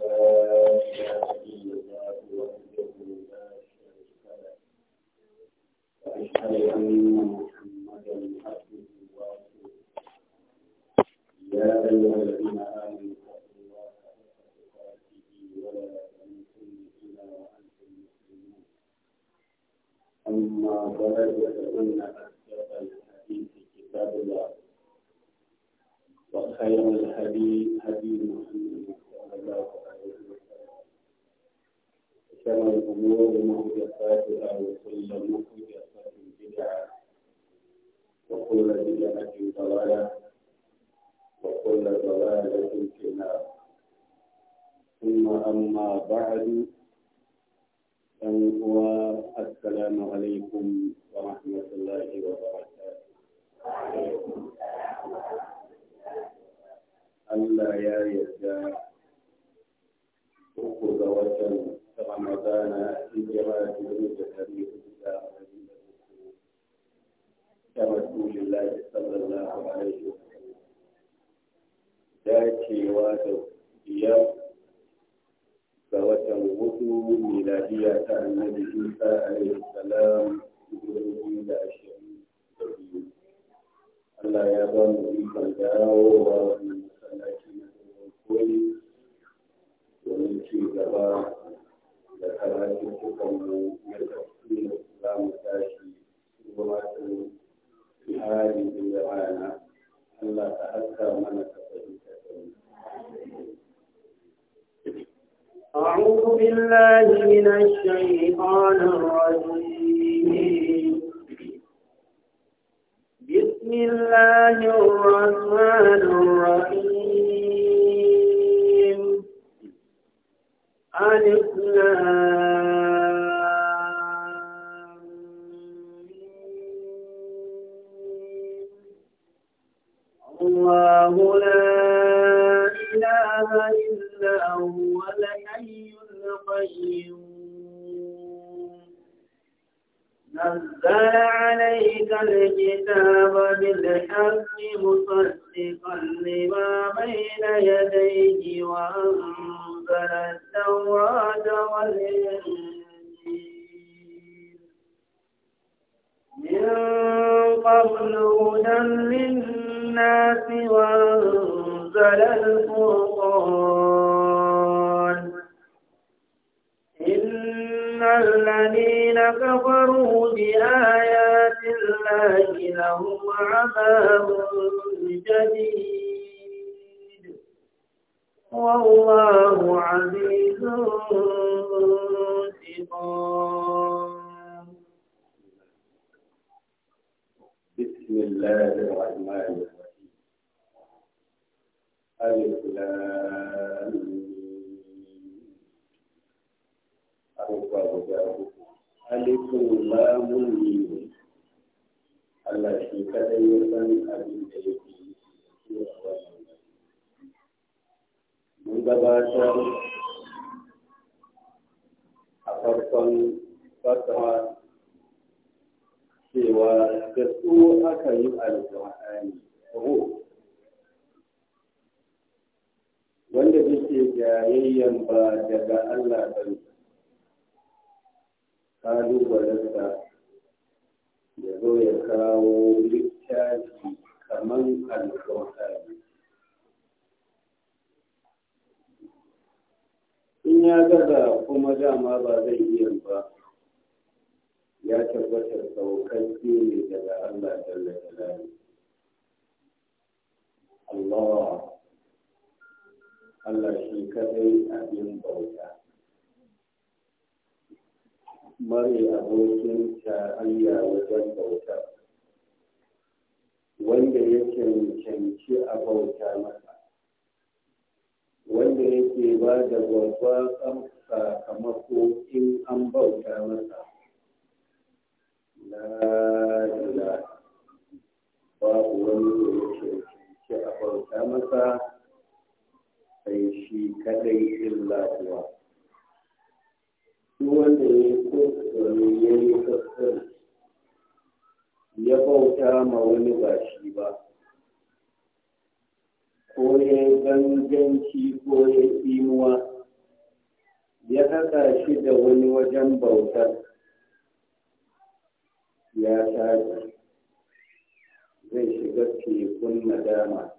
الله جديد والله عزيز انتقام بسم الله الرحمن الرحيم ألف لام ألف لام Allah shi kadai ya san abin da yake yi mun gabatar a farkon fatawa cewa da su aka yi alƙur'ani ko wanda yake jayayyan ba daga Allah ba ne kalubalensa ya zo ya kawo littafi kamar alkawari in ya gaza kuma dama ba zai iya ba ya tabbatar saukacce ne daga Allah jalla jalali Allah Allah shi kadai abin bauta mare abokin hanya wajen bauta wanda ya cancanci a bauta masa wanda yake ba da babban sakamako in an bauta masa la'ila babu wani da ya cancanci a bauta masa sai shi kadai illa kuwa. wanda ya yi kokoro ya yi kakkar ya bauta ma wani ba shi ba ko ya yi ganganci ko ya tsimuwa ya haɗa shi da wani wajen bautar ya tashi zai shiga tekun nadama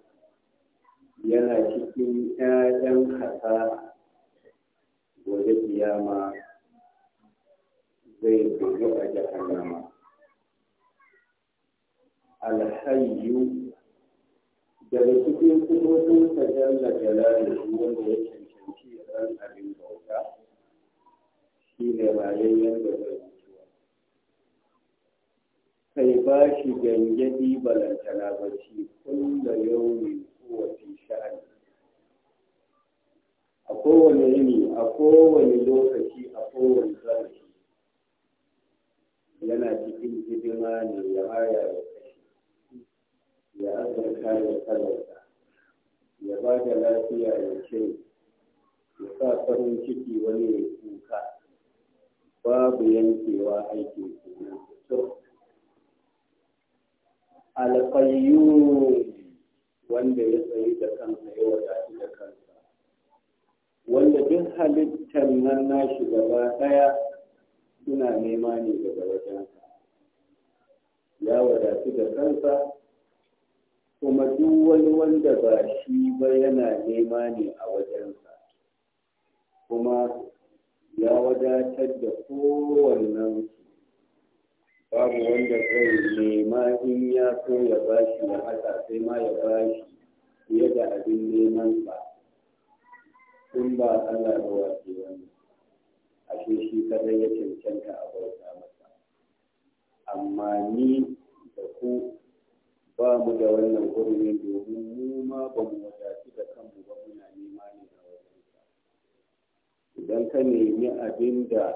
yana cikin 'ya'yan hasara gobe kiyama zai bugu a jahannama alhayyu daga cikin sifofin sa jalla jalaluhu wanda ya cancanci ran abin bauta shi ne rayayyen da zai mutuwa kai ba shi gangadi balantana bacci kulla yawmin kowace sha'ani a kowane yini a kowane lokaci a kowane zarafi yana cikin hidima ne ya haya ya kashe ya azurka ya talauta ya ba da lafiya ya ce ya sa farin ciki wani ya kuka babu yankewa aikin kenan to alƙayyum wanda ya tsayi da kansa ya wadatu da kansa wanda duk halittar nan nashi gaba ɗaya suna nema ne daga wajenka ya wadatu da kansa kuma duk wani wanda ba shi ba yana nema ne a wajensa kuma ya wadatar da kowannan babu wanda zai nema in ya so ya bashi ya haka sai ma ya bashi fiye da abin neman ba in ba Allah da wasu wani ashe shi kadai ya cancanta a bauta masa amma ni da ku ba mu da wannan hurumi domin mu ma ba mu wadatu da kanmu ba muna nema ne a wajensa idan ka nemi abin da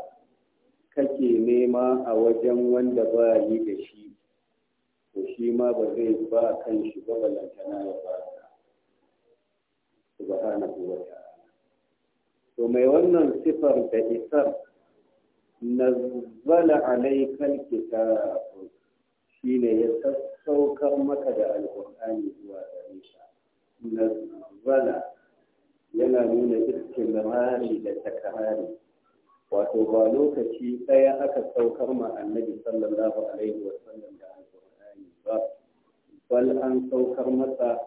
kake nema a wajen wanda ba yi da shi to shi ma ba zai ba kan shi ba balantana ya ba ka subhanahu wa ta'ala to mai wannan sifar da isar nazzala alaikal shi shine ya sassaukar maka da alƙur'ani zuwa gare na zala yana nuna rari da takarari wato ba lokaci ɗaya aka saukar ma annabi sallallahu alaihi wa sallam da alqur'ani ba bal an saukar masa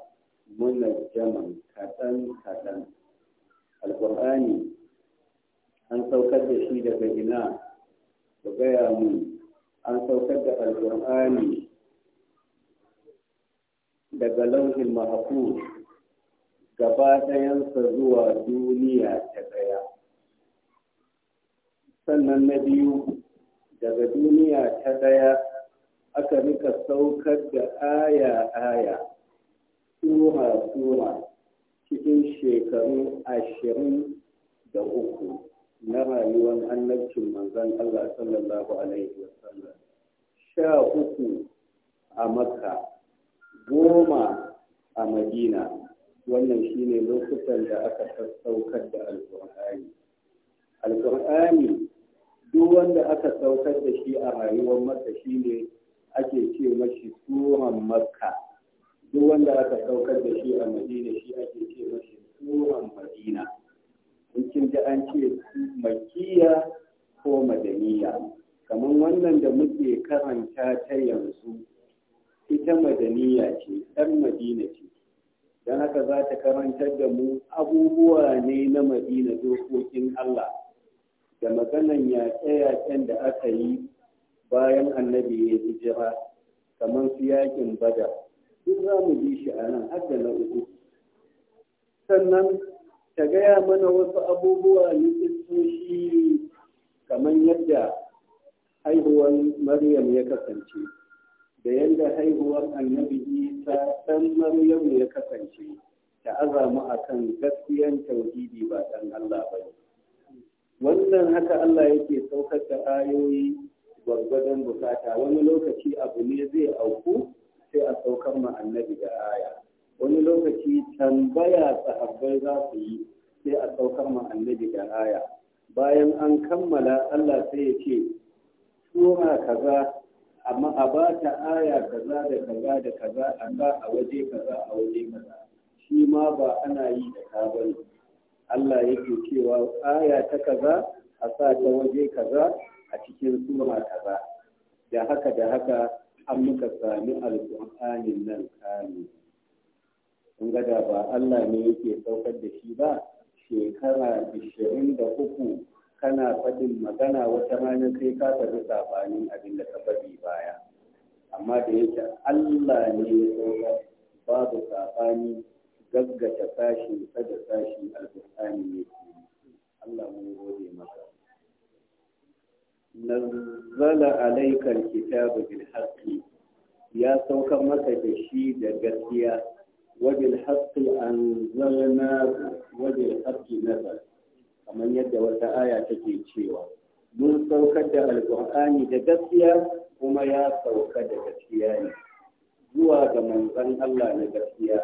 munajjaman kaɗan kaɗan alƙur'ani an saukar da shi daga gina ku gaya mu an saukar da alƙur'ani daga lauhin mahaku gaba ɗayansa zuwa duniya ta ɗaya sannan na biyu daga duniya ta ɗaya aka rika saukar da aya-aya tura cikin shekaru ashirin da uku na rayuwar annabcin manzan Allah sallallahu Alaihi wasallam sha uku a makka goma a madina wannan shine lokutan da aka sassaukar da alkur'ani alkur'ani duk wanda aka saukar da shi a rayuwar makka shine ake ce mashi turan makka duk wanda aka ɗaukar da shi a madina shi ake ce mashi suran madina in kin ji an ce makiya ko madaniya kamar wannan da muke karanta ta yanzu ita madaniya ce ɗan madina ce don haka za ta karantar da mu abubuwa ne na madina dokokin allah da maganan yaƙe-yaƙen da aka yi bayan annabi ya hijira kamar su yaƙin badar duk za mu bi shi a nan har da na uku sannan ta gaya mana wasu abubuwa na kistoshi kamar yadda haihuwar maryam ya kasance da yadda haihuwar annabi isa ɗan maryam ya kasance ta azamu a kan gaskiyan tauhidi ba ɗan allah ba wannan haka allah yake saukar da ayoyi gwargwadon bukata wani lokaci abu ne zai auku sai a saukar ma annabi da aya wani lokaci tambaya sahabbai za su yi sai a saukar ma annabi da aya bayan an kammala Allah sai ya ce suna kaza amma a ba ta aya kaza da kaza da kaza a sa a waje kaza a waje kaza shi ma ba ana yi da ka bane Allah yake cewa aya ta kaza a sa ta waje kaza a cikin sura kaza da haka da haka an muka sami alƙur'anin nan kame kun ga ba Allah ne yake saukar da shi ba shekara ishirin da uku kana faɗin magana wata rana kai. ka faɗi saɓanin abin da ka faɗi baya amma da yake Allah ne ya saukar babu saɓani gaggata ta da sashi alƙur'ani ne Allah mun gode maka nazzala alaikal kitabu bil haqqi ya saukar maka da shi da gaskiya wajen haqqi anzalna wajen haqqi nazal kamar yadda wata aya take cewa mun sauka da alƙur'ani da gaskiya kuma ya sauka da gaskiya ne zuwa ga manzon Allah na gaskiya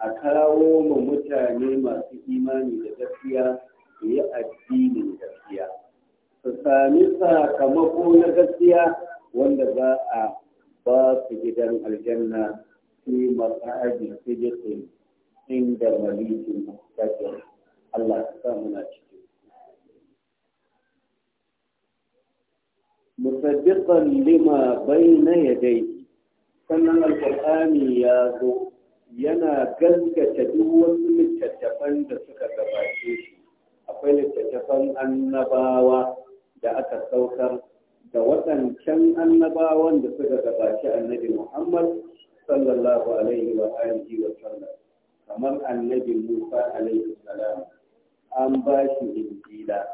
a kawo mu mutane masu imani da gaskiya su yi addinin gaskiya su sami sakamako na gaskiya wanda za a ba su gidan aljanna fi masa'adi sidiqin inda malikin kafir Allah ya sa muna ciki musaddiqan lima bayna yadayhi sannan alqur'ani ya zo yana gaskata duk wasu littattafan da suka gabace shi akwai littattafan annabawa da aka saukar da waɗancan annabawan da suka gabaci annabi Muhammad sallallahu alaihi wa alihi wa sallam kamar annabi Musa alaihi salam an ba shi injila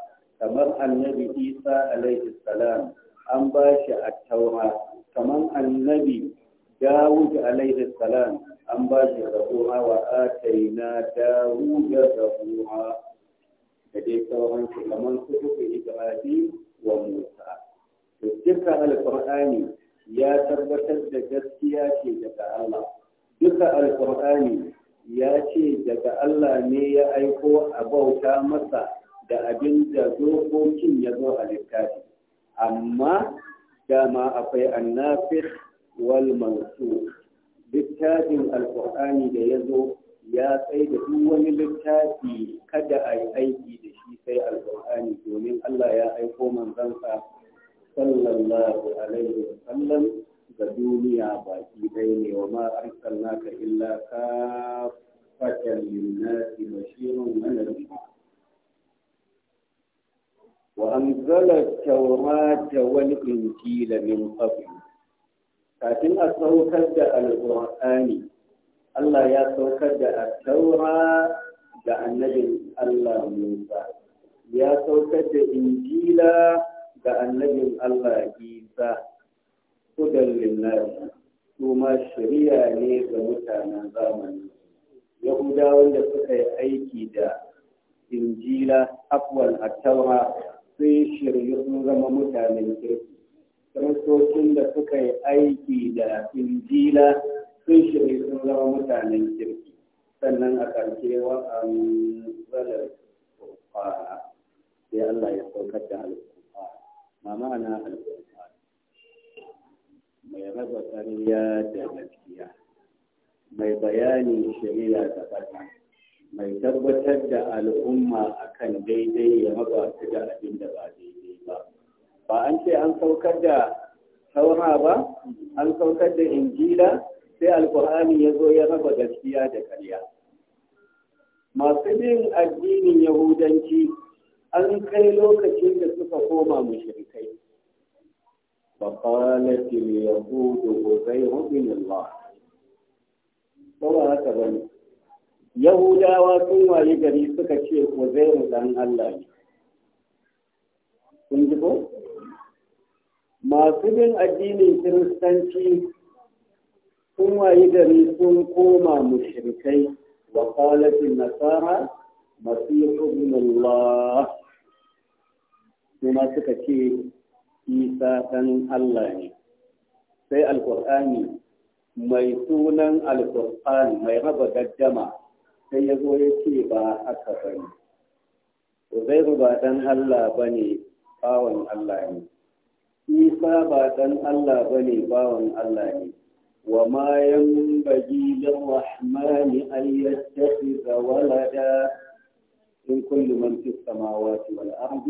kamar annabi Isa alaihi salam an ba shi attaura kamar annabi Dawud alaihi salam an ba shi zabura wa ataina Dawud zabura da dai sauran kamar su duka Ibrahim wa Musa to duka alqur'ani ya tabbatar da gaskiya ce daga Allah duka alqur'ani ya ce daga Allah ne ya aiko a bauta masa da abin da dokokin ya zo a littafi amma dama akwai annafir wal mansur littafin alqur'ani da ya zo ya tsaye da duk wani littafi kada a yi aiki da shi sai alƙur'ani domin Allah ya aiko manzansa sallallahu alaihi wa sallam ga duniya baki ɗaya ne wa ma arsalnaka illa ka fatan linnasi bashirun wa nadhira wa anzala at wal injila min qabl kafin a saukar da alƙur'ani Allah ya saukar da taura ga annabin Allah Musa ya saukar da injila ga annabin Allah Isa kudan lillahi kuma shari'a ne ga mutanen zamani yahudawan da suka yi aiki da injila afwan attaura sun shirya sun zama mutanen kirki kiristocin da suka yi aiki da injila sun shirya sun zama mutanen kirki sannan a ƙarshe wa zalar kufara sai Allah ya saukar da alkufara ma ma'ana alkufara mai raba ƙarya da gaskiya mai bayani shari'a da fata mai tabbatar da al'umma a kan daidai ya raba su da abin da ba daidai ba ba an ce an saukar da saura ba an saukar da injila sai alkur'ani ya zo ya raba gaskiya da karya masu bin addinin yahudanci an kai lokacin da suka koma mushrikai فقالت اليهود عزير بن الله saboda haka ba ne yahudawa sun waye gari suka ce uzairu dan Allah ne kun ji ko masu bin addinin kiristanci sun wayi gari sun koma mushrikai wa nasara masu yi Allah kuma suka ce isa ɗan Allah ne sai alƙur'ani mai sunan alƙur'ani mai raba gaddama sai ya zo ya ce ba haka ba ne zai ba ɗan Allah ba ne bawan Allah ne Isa ba ɗan Allah ba ne bawan Allah ne وما ينبغي للرحمن أن يتخذ ولدا من كل من في السماوات والأرض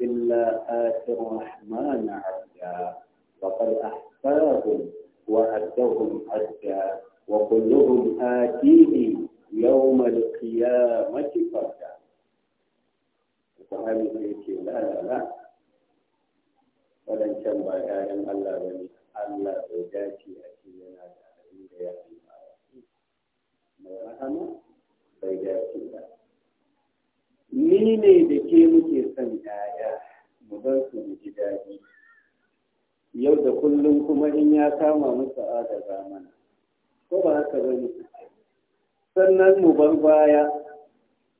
إلا آتي الرحمن عبدا وقد أحفاهم وأدهم عدا وكلهم آتيه يوم القيامة فردا القرآن يقول لا لا لا ولن تنبغي أن الله بني الله بذاتي yana da mai ni ne da ke muke son ɗaya mu bar su mu ji daɗi yau da kullum kuma in ya kama musu adaga mana ko ba haka ba ne sannan mu bar baya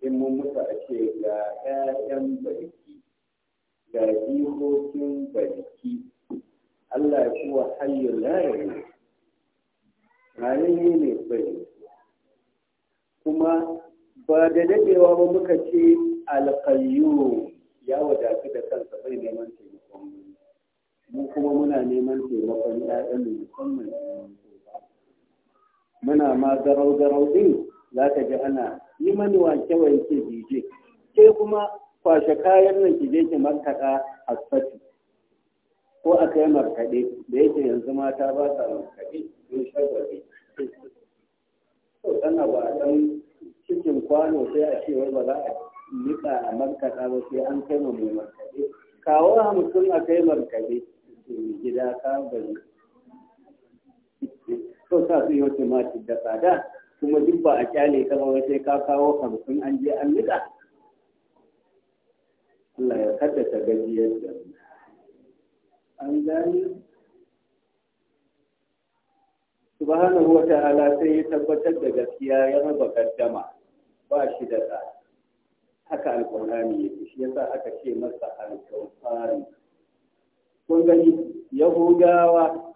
in mun musu a ce ga 'ya'yan barki ga jikokin barki Allah kuwa hayyar la rayayye ne bai kuma ba da daɗewa ba muka ce alƙayyu ya wadatu da kansa bai neman taimakon mu kuma muna neman taimakon ƴaƴanmu musamman muna ma garau-garau ɗin za ka ji ana yi mani wanke-wanke bije ke kuma kwashe kayan nan ki je ki markaɗa asfati ko a kai markaɗe da yake yanzu mata ba sa markaɗe sun shagwabe to tana ba a ɗan cikin kwano sai a cewar ba za a nika a markaɗa ba sai an kai mai markaɗe kawo hamsin a kai markaɗe gida ka bari to sa su yi wata mati da tsada kuma duk ba a kyale ka ba sai ka kawo hamsin an je an nika Allah ya kaddata gajiyar da an gani subhanahu wata'ala sai ya tabbatar da gaskiya ya raba kaddama ba shi da tsari haka alƙur'ani yake shi yasa aka ce masa alƙur'ani kun gani yahudawa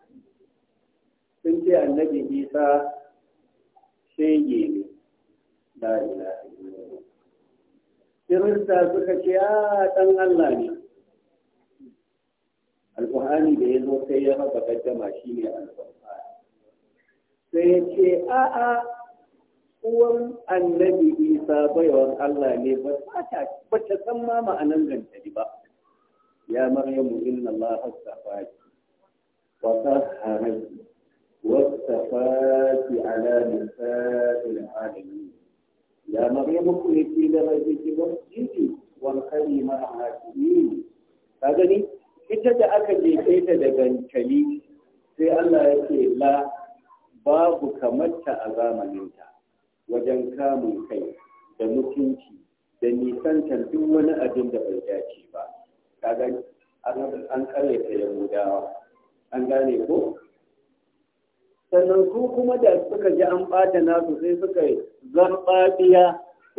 sun ce annabi isa shege ne la ilaha illallah kirista suka ce a ah, dan Allah ne alƙur'ani da ya zo sai ya raba gaddama shi ne alƙur'ani sai ya ce a'a uwan annabi isa baiwar allah ne ba ta san ma ma'anan gantari ba ya maryamu inna allah astafaki wa tahharaki wa astafaki ala nisa'il alamin ya maryamu kunti da rabbiki wasjidi wal kalima hakimi ka gani ita da aka jefe ta da gankali sai Allah ya ce la babu kamarta a zamaninta wajen kamun kai da mutunci da nisantar duk wani abin da bai dace ba kaga an karyata yahudawa an gane ko sannan su kuma da suka ji an ɓata nasu sai suka zarɓaɗiya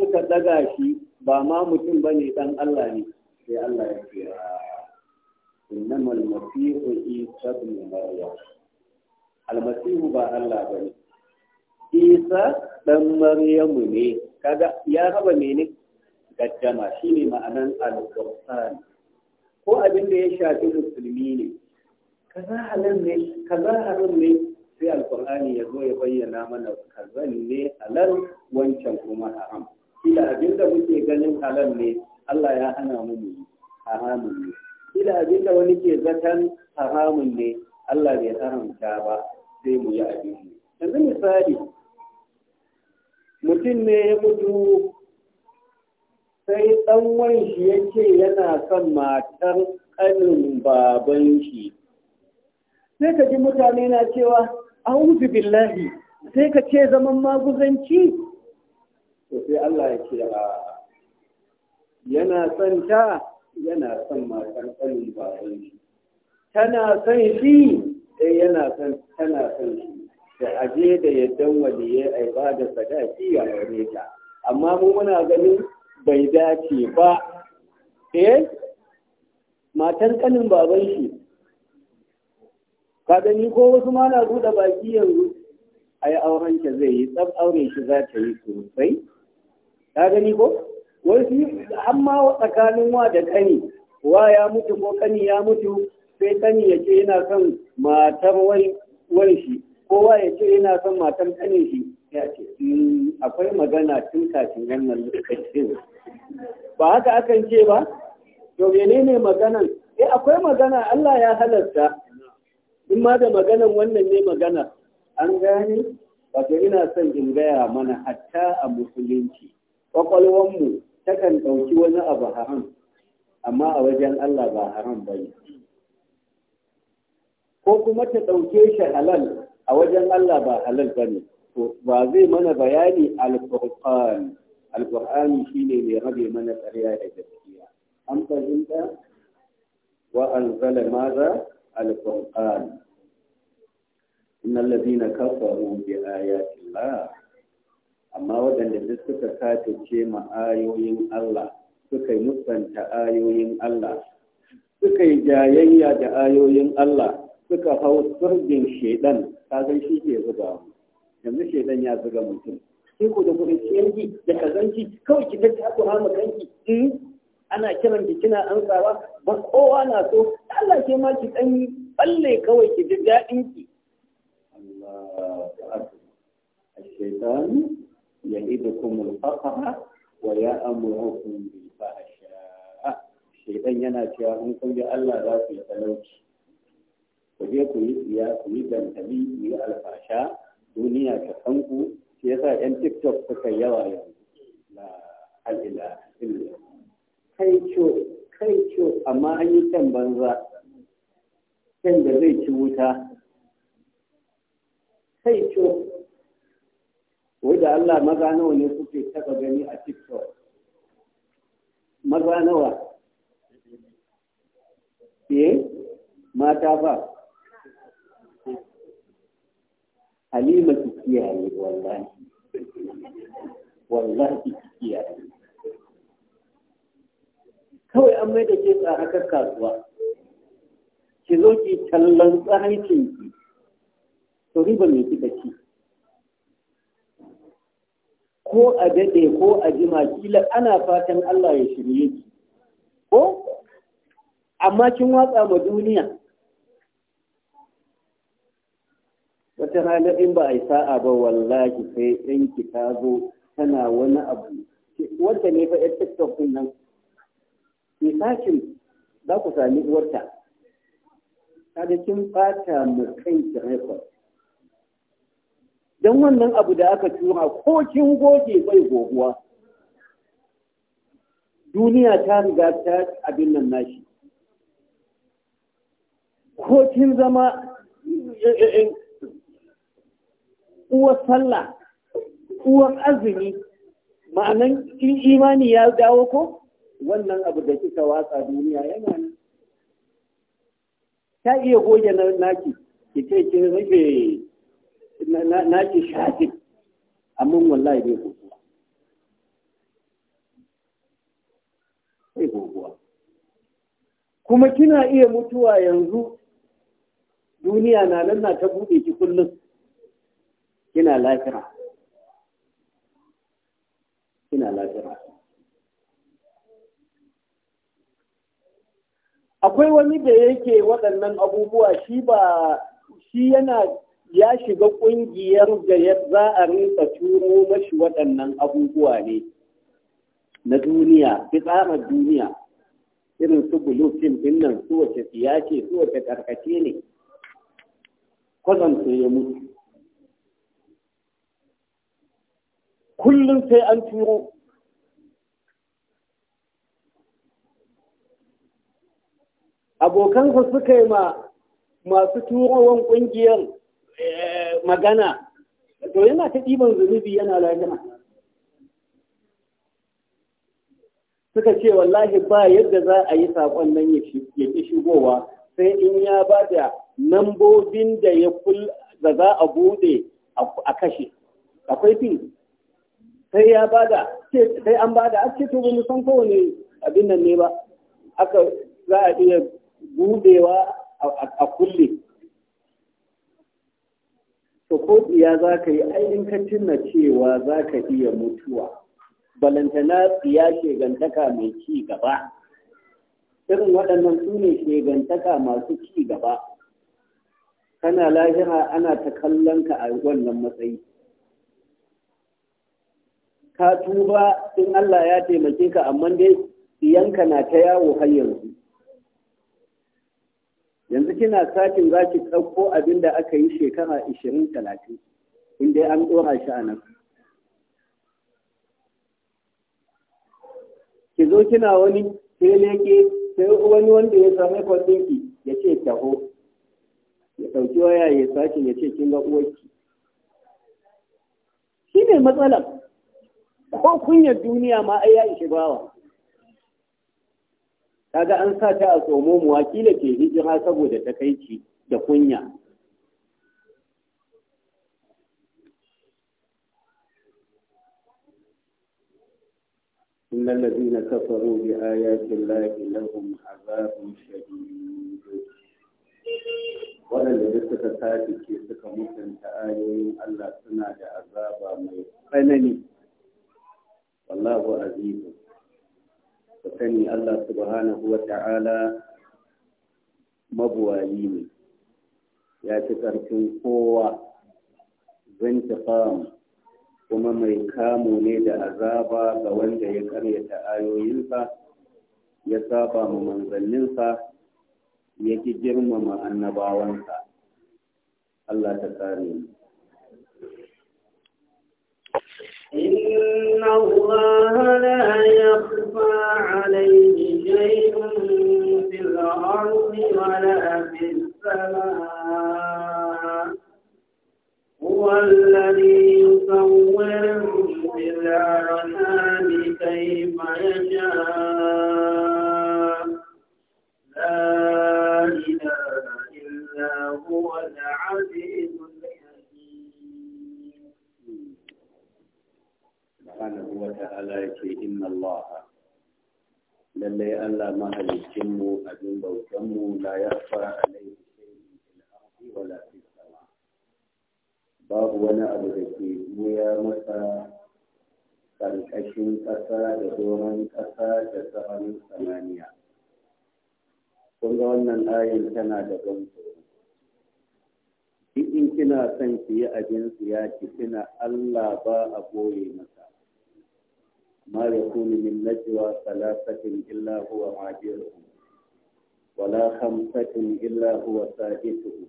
suka ɗaga shi ba ma mutum ba ne ɗan Allah ne sai Allah ya ce إنما المسيح عيسى ابن alMasiru ba Allah ba ne. Isa دم مريم ne ya raba mene gaddama shine ma'anar al-Qur'an ko abin da ya shafi musulmi ne kaza halin ne kaza halin ne sai alqur'ani ya zo ya bayyana mana kazan ne halal wancan kuma haram kila abin da muke ganin halal ne Allah ya hana mu haramun ne kila abin da wani ke zaton haramun ne Allah bai haramta ba sai mu yi abin yanzu misali mutum ne ya mutu sai ɗan shi ya yana son matar ƙanin baban shi sai ka ji mutane na cewa a'udhu billahi sai ka ce zaman maguzanci to sai Allah ya ce yana son ta yana son matan ƙanin baban shi tana son shi sai yana son tana son shi da aje da yaddan ya yi ba da sadaki ya aure ta amma mu muna ganin bai dace ba eh Matan ƙanin baban shi ka gani ko wasu ma na buɗe baki yanzu yi auren zai yi tsab aure shi za ta yi sosai ka gani ko wasu amma tsakanin wa da kani wa ya mutu ko kani ya mutu sai kani ya ce yana son matar wani shi ko wa ya ce yana son matar kani shi ya ce hmm, akwai magana tun kafin wannan lokacin ba haka akan ce ba to menene maganan eh akwai magana Allah ya halarta in ma da maganan wannan ne magana an gane wato ina son in gaya mana hatta a musulunci mu takan ɗauki wani abu haram amma a wajen Allah ba haram ba ne ko kuma ta ɗauke shi halal a wajen Allah ba halal ba ne ba zai mana bayani al alƙur'ani shi ne mai rabe mana ƙarya da gaskiya an fahimta wa anzala maza alƙur'an إن الذين كفروا بآيات الله amma waɗanda duk suka katace ma ayoyin Allah suka yi musanta ayoyin Allah suka yi jayayya da ayoyin Allah suka hau surgin shaidan kagan shi ke zuga yanzu shaidan ya zuga mutum sai ku da kuɗin ciyarki da kazanci kawai ki ta takura ma kanki hmm? ana kiran ki kina ansawa ba kowa na so Allah ke ma ki dan yi balle kawai ki ji daɗin ki Allah shaitan يعدكم الفقر ويأمركم بالفحشاء shaidan yana cewa in kun bi Allah za ku yi talauci ku je ku yi tsiya ku yi dantali ku yi alfasha duniya ta san ku shi yasa yan tiktok suka yawa yanzu la alila illa kai ciwo kai ciwo amma an yi kan banza Kan da zai ci wuta kai ciwo ko da Allah maza nawa ne kuke taba gani a TikTok maza nawa eh, mata ba Halima ki ne wallahi wallahi ki kawai an mai da ke tsarakar kasuwa ki zo ki tallan ki, to riba me kika ci ko a daɗe ko a jima kila ana fatan Allah ya shirye ki ko amma kin watsa ma duniya wata rana in ba a yi sa'a ba wallahi sai ki ta zo tana wani abu wanda ne fa yar tiktok din nan sakin za ku sami uwarta da kin fata mu ki rekod don wannan abu da aka tura ko kin goge bai goguwa duniya ta riga ta abin nan nashi ko kin zama eh, eh, eh, uwar sallah uwar azumi ma'anan in imani ya dawo ko wannan abu da kika watsa duniya yana nan ta iya goge na naki ki ce kin rufe na ke shafi amma wallahi bai kokuwa bai kokuwa kuma kina iya mutuwa yanzu duniya na nan na ta buɗe ki kullum kina lafira. kina lafira. akwai wani da yake waɗannan abubuwa shi ba shi yana ya shiga ƙungiyar da za a rinsa turo mashi waɗannan abubuwa ne na duniya, fitsarar duniya, irin su bulutin dinnan su wace ce, su wace karkace ne, kwanansu ya mutu. Kullum sai an turo abokansa suka yi ma masu turowan ƙungiyar Eh, magana to yana ta ɗiban zunubi yana lagana suka ce wallahi ba yadda za a yi saƙon nan ya ƙi shigowa sai in ya ba da nambobin da ya kul da za a bude a kashe akwai fin sai ya ba da sai an ba da ake to mu san kowane abin nan ne ba aka za a iya budewa a kulle to ko tsiya za ka yi ainihin in ka tuna cewa za ka iya mutuwa balantana tsiya shegantaka mai ci gaba irin waɗannan su ne shegantaka masu ci gaba kana lahira ana ta kallon ka a wannan matsayi ka tuba in Allah ya taimake ka amma dai diyanka na ta yawo har yanzu kina satin za ki ɗauko abin da aka yi shekara ishirin talatin inda an ɗora shi a nan ki zo kina wani sai sai wani wanda ya same kwaɗinki ya ce taho ya ɗauki waya ya sakin ya ce kin ga uwarki shi ne matsalar ko kunyar duniya ma ai ya ishi bawa kaga an sa ta a tsomo mu wakila ke hijira saboda ta takaici da kunya إن الذين كفروا بآيات الله لهم عذاب شديد waɗanda suka tashi ke suka mutunta ayoyin Allah suna da azaba mai tsanani wallahu azizun ka sani Allah subhanahu wa ta'ala mabuwayi ne ya ci ƙarfin kowa zintiqam kuma mai kamu ne da azaba ga wanda ya karyata ayoyinsa ya saba ma manzanninsa ya ki girmama annabawansa Allah ta kare mu إن الله لا يخفى عليه شيء في الأرض ولا في السماء هو الذي يصوركم في الأرحام كيف يشاء ta'ala ce inna Allah lallai Allah mahalicin mu abin bautan mu la yafa alaihi shay'un fil ardi wala fis sama babu wani abu da ke buya masa karkashin ƙasa da doron ƙasa da sararin samaniya kun ga wannan ayin tana da ban in kina son ki yi abin siya kina Allah ba a boye masa ما يكون من نجوى ثلاثة إلا هو عاجلهم ولا خمسة إلا هو سادسهم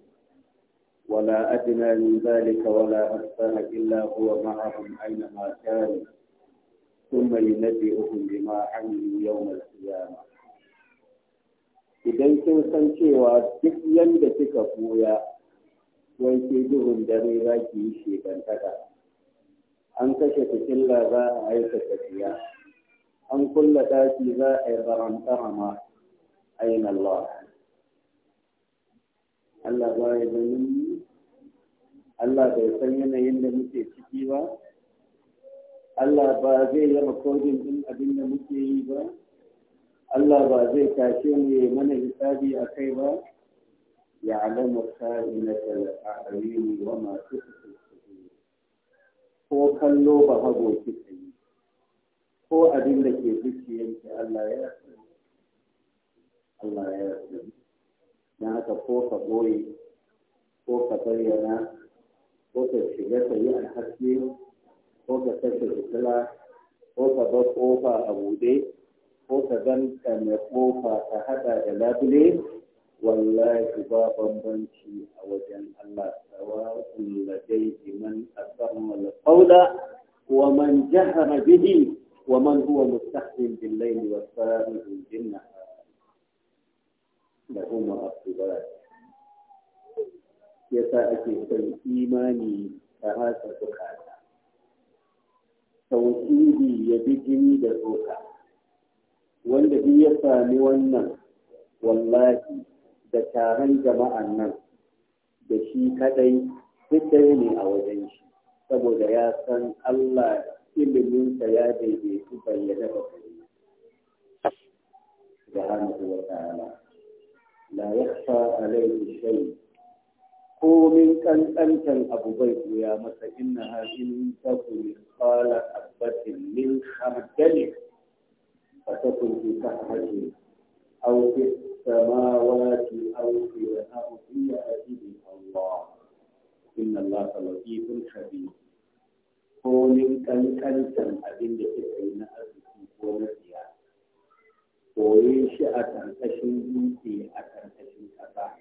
ولا أدنى من ذلك ولا أكثر إلا هو معهم أينما كانوا ثم ينبئهم بما عملوا يوم القيامة idan kin san cewa duk yanda kika koya wai ke duhun dare za ki yi shekantaka an kashe fitilla za a aika tafiya an kulla ɗaki za a yi baran ƙarama ayin Allah Allah ba ya ganin Allah bai san yanayin da muke ciki ba Allah ba zai yi rikodin ɗin abin da muke yi ba Allah ba zai tashe mu ya mana hisabi a kai ba ya alamu sa'inatar a'arini wa masu ko kallo ba hago ka yi ko abin da ke zuciyanki Allah ya sani Allah ya sani Na haka ko ka ɓoye ko ka bayyana ko ka shiga ka yi haske, ko ka kashe fitila ko ka bar ƙofa a buɗe ko ka zanta mai ƙofa ka haɗa da labule wallahi ba bambanci a wajen Allah sawa'un ladaihi man asarra al-qawla wa man jahara bihi wa man huwa mustahzin bil layli wa sarihun bin nahar lahum al-aqibat yasa ake son imani ta hasa zukata ya bi jini da tsoka wanda bi ya sami wannan wallahi da taron jama'an nan da shi kadai duk ne a wajen shi saboda ya san Allah iliminsa ya daidaitu bayyana ba da subhanahu wa ta'ala la yakhfa alayhi shay ko min kankantan abu bai ya masa inna hadin taku qala abatin min khardali fatakun fi sahhati aw fi السماوات أو في الأرض يأتي الله إن الله لطيف خبير komin ƙanƙantan abin da ke yi na arziki ko na siya koye shi a ƙarƙashin dutse a ƙarƙashin ƙasa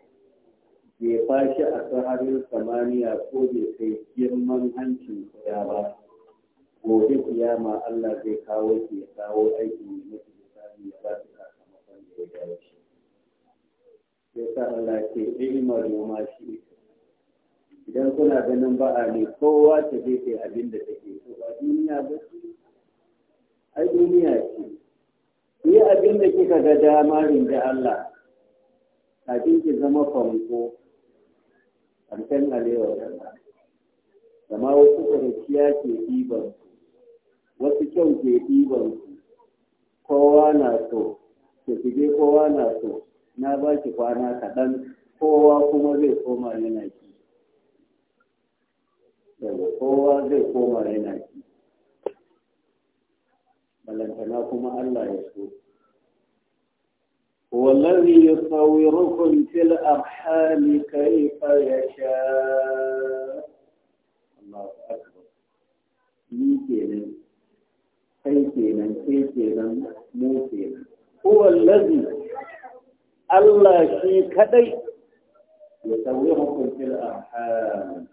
bai fashi a sararin samaniya ko bai kai girman hancin kuya ba gobe kiyama Allah zai kawo ke kawo aikin da mafi misali ya ba su sakamakon da ya dace sa Allah ke ilmar noma shi idan kuna ganin ba'a ne kowa ta je ta abin da take so ba duniya ba ai duniya ce yi abin da kika ga dama rinda Allah kafin ki zama fanko ƙarshen alewar Allah zama wasu ƙarfiya ke ɗiban wasu kyau ke ɗiban kowa na so ke kowa na so na ba ki kwana kaɗan kowa kuma zai koma yana ki daga kowa zai koma yana ki balantana kuma Allah ya so والذي يصوركم في الأرحام كيف يشاء الله أكبر ni kenan kai kenan kai kenan mu kenan huwa allazi Allah shi kadai ya sauye hukuncin arham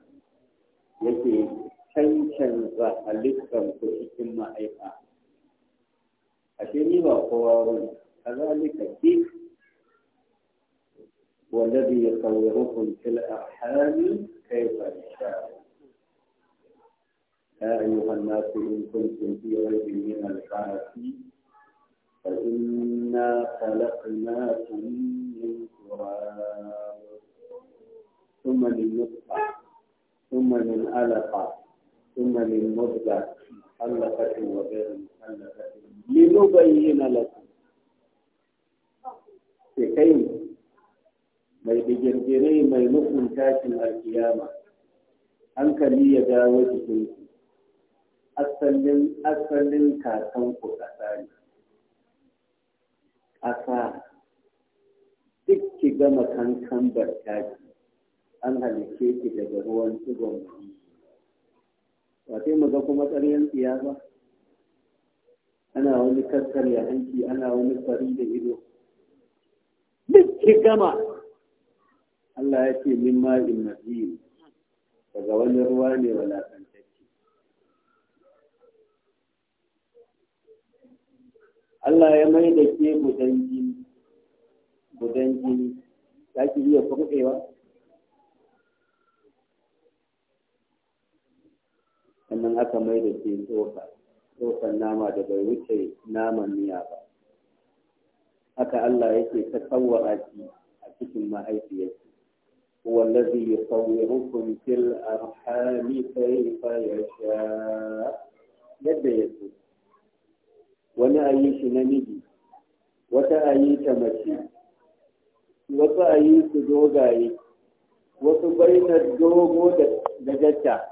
yake cancanza halittar ku cikin ma'aika ashe ni ba kowa wani kazalika ki والذي يصوركم في الأرحام كيف يشاء يا أيها الناس إن كنتم في ريب من البعث فإنا خلقناكم من تراب ثم للنطفة ثم للعلقة ثم للمضغة محلقة وغير محلقة لنبين لكم في mai digirgirai mai nufin tashin alkiyama hankali ya dawo jikinku asalin kakanku ƙasa ne ƙasa duk ki gama kankan barka an halice ki daga ruwan tsigon ki ba sai mu ga kuma tsariyan siyasa ana wani kaskar ya hanki ana wani fari da ido duk ki gama Allah ya ce min ma'in mazin daga wani ruwa ne walakan Allah ya mai da ke gudan jini gudan jini za ki iya kurɗewa sannan aka mai da ke tsoka tsokan nama da bai wuce naman miya ba haka Allah yake ta tsawara a cikin mahaifiyarsa wallazi yusawwirukum fil arhami kayfa yasha yadda yake wani ayi yi shi namiji wata ayi ta mace wasu ayi su dogaye wasu baina dogo da gajata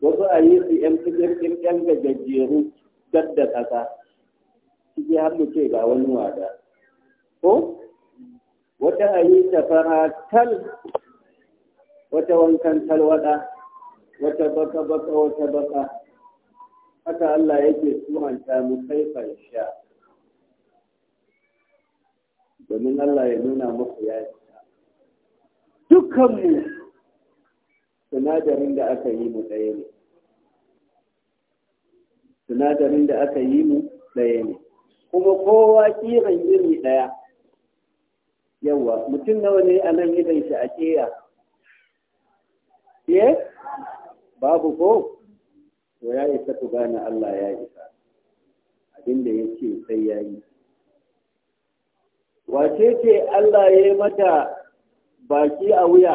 wasu ayi su yan fijirkin yan gajajjeru dad da ƙasa ciki har ce ga wani wada ko wata ayi ta fara tal wata wankan talwada wata baka baka wata baka haka Allah yake turanta mu kai sha domin Allah ya nuna muku ya sha dukkanmu sinadarin da aka yi mu ɗaya ne sinadarin da aka yi mu ɗaya ne kuma kowa kiran iri ɗaya yawa mutum nawa ne a nan idan shi a ke eh? babu ko to ya isa ku gane Allah ya isa abinda ya ce sai ya yi wace ce Allah ya yi mata baki a wuya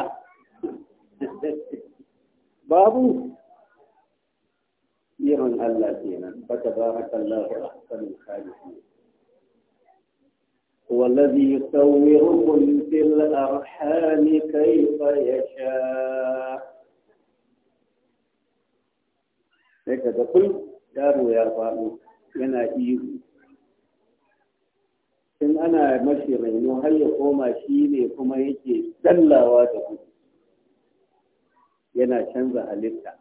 babu irin Allah kenan baka baraka Allah ya ahsanul khaliqin والذي يصوركم في الأرحام كيف يشاء sai ka ga kun yaro ya faɗo yana ihu in ana mashi raino har ya koma shi ne kuma yake dallawa da kudu yana canza halitta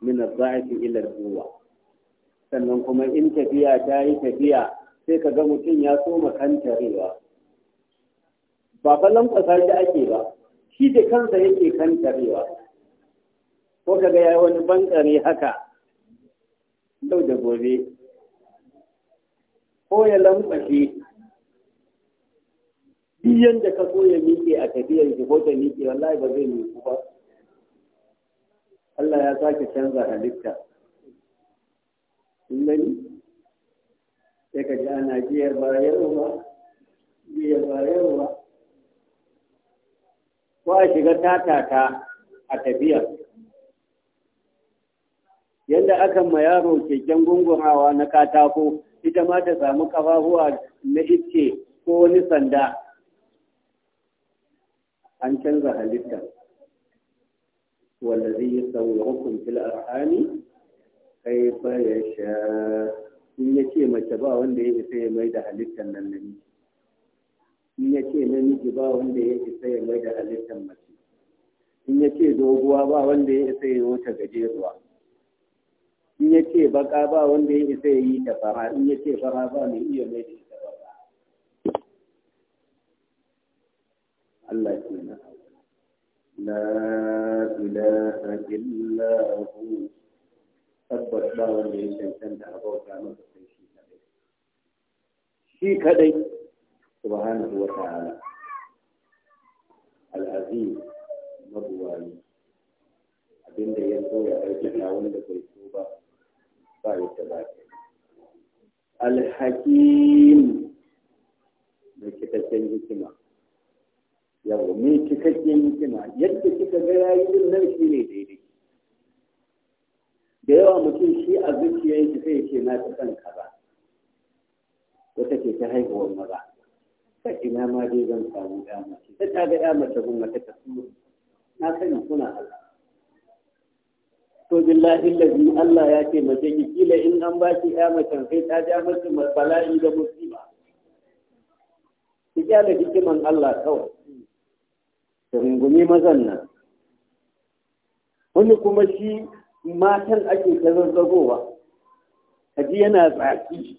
min za'ati ila quwwa sannan kuma in tafiya ta yi tafiya sai ka ga mutum ya so makantarewa ba falon ƙasa ake ba shi da kansa yake kantarewa ko kaga ya wani bankare haka yau da gobe ko ya lambashe biyan da ka so ya miƙe a tafiyar shi ko ta miƙe wallahi ba zai miƙu ba Allah ya sake canza halitta in gani sai ka ji ana jiyar bayarwa jiyar bayarwa ko a shiga tatata a tafiyar yadda aka ma yaro keken gungunawa na katako ita ma ta samu kafafuwa na ice ko wani sanda an canza halitta wallazi yasawwurukum fil ba ya sha. in yace mace ba wanda ya isa ya mai da halittar nan namiji in yace namiji ba wanda ya isa ya mai da halittan mace in yace doguwa ba wanda ya isa ya wuce gajeruwa in ya ce baka ba wanda ya isa ya yi ta fara in ya ce fara ba mai iya mai da ita ba Allah ke na la ilaha illa hu tabbas ba wanda ya cancanta a bauta masa sai shi kadai shi kadai subhanahu wa ta'ala al-azim mabuwani abinda ya so ya aikata wanda bai so ba ba yadda alhakim mai cikakken hikima yau mai cikakken hikima yadda kika ga yayi din nan shi ne daidai da yawa mutum shi a zuciyar shi sai ce na ta san kaza wata ke ta haihuwar maza ta ina ma dai zan samu ya mace ta ta ga ya mace gun mata ta na sani kuna Allah to billahi allazi Allah ya ce mace ki kila in an ba ki ya mace sai ta ja mace bala'i da musiba ki kyale hikiman Allah kawai da rungumi mazan nan wani kuma shi matan ake ta zazzagowa kaji yana tsaki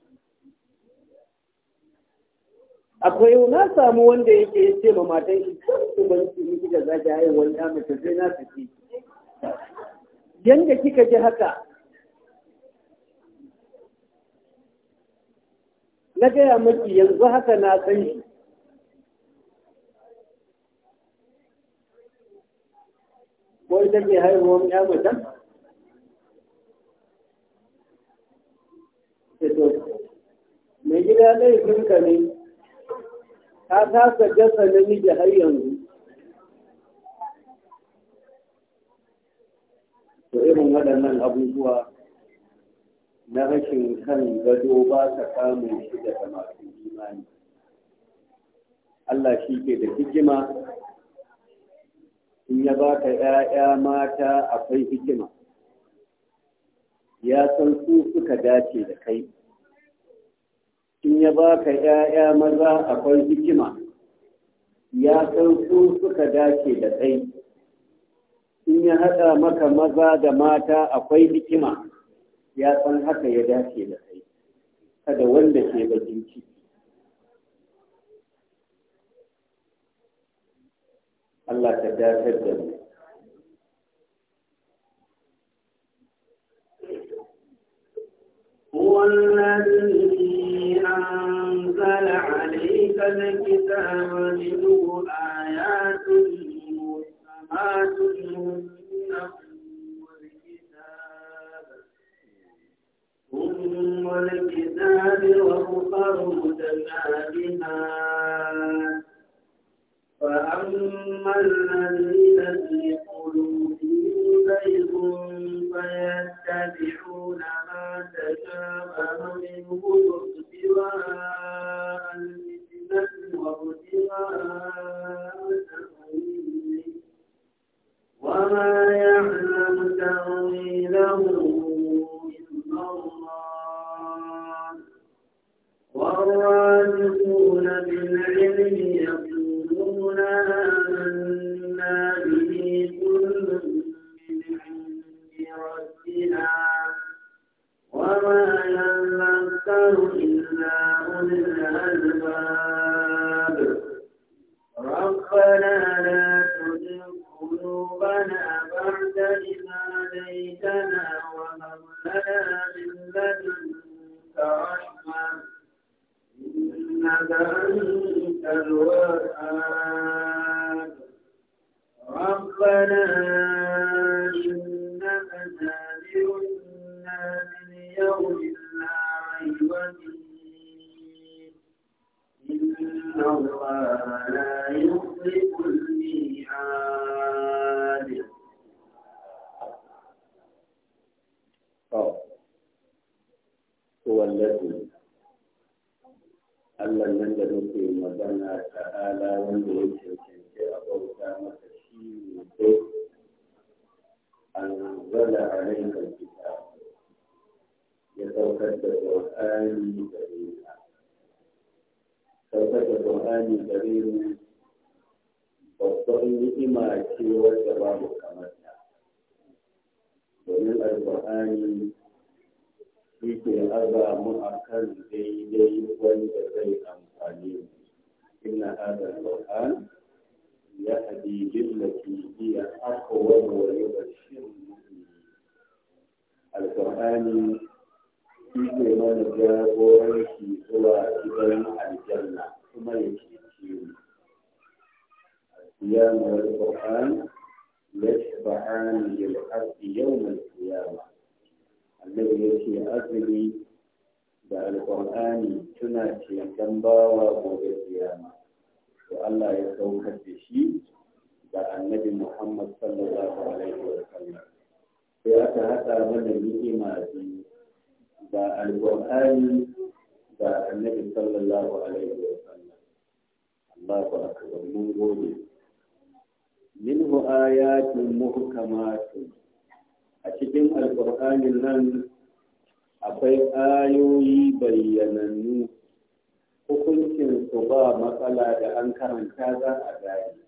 akwai na samu wanda yake ya ce ma matan shi kan ban ni da zaki haihuwar ya mace sai na tafi yanda kika ji haka na gaya maki yanzu haka na san shi ko idan mai haihuwar ya ito eh mai gida laifin ka ne ta kasa jasa namiji har yanzu waɗannan abubuwa na rashin kan gado ba ta samun shi daga masu imani Allah shi ke da hikima in ya ba ka ‘ya'ya mata akwai hikima ya san su suka dace da kai in ya ba ka ‘ya'ya maza akwai hikima ya san su suka dace da kai in ya haɗa maka maza da mata akwai hikima ya san haka ya dace da kai kada wanda ke bakin ciki Allah ta dace da mu هو أنزل عليك الكتاب منه آيات آتيتموهن ثم الكتاب وأخر متشابهات فأما الذين في فيتبعون ما تشابه منه ابتغاء الفتنة وابتغاء وما يعلم تأويله إلا الله والرازقون بالعلم يقولون آمنا به كل من عند ربنا وما يذكر إلا أولي الألباب ربنا إذا هديتنا وهب لنا من لدنك رحمة إنك أنت الوهاب ربنا إنك نادر الناس ليوم لا ريب فيه إن الله لا يخلف الميعاد هو الذي Allah nan da muke magana ta ala wanda ya cancanci a bauta masa shi ne dai an zala a raikar kita ya saukar da ƙwa'ani gare Saukar da babu ka. domin alƙur'ani yake aza mu a kan daidai wanda zai amfani mu inna hada alƙur'an ya hadi lillati hiya aqwam wa yubashshiru alƙur'ani yake mana jagoranci zuwa gidan aljanna kuma yake ciwo. Ya mu alƙur'ani يشبعان للأرض يوم القيامة الذي يأتي أزلي da alƙur'ani suna ceton bawa gobe kiyama to Allah ya saukar da shi da annabi Muhammad sallallahu alaihi wa sallam sai aka haɗa mana ni'ima biyu da alƙur'ani da sallallahu alaihi wa sallam Allahu akbar gode minhu ayatun muhkamatun a cikin لن nan akwai ayoyi bayyanannu hukuncin su ba matsala da an karanta za a gani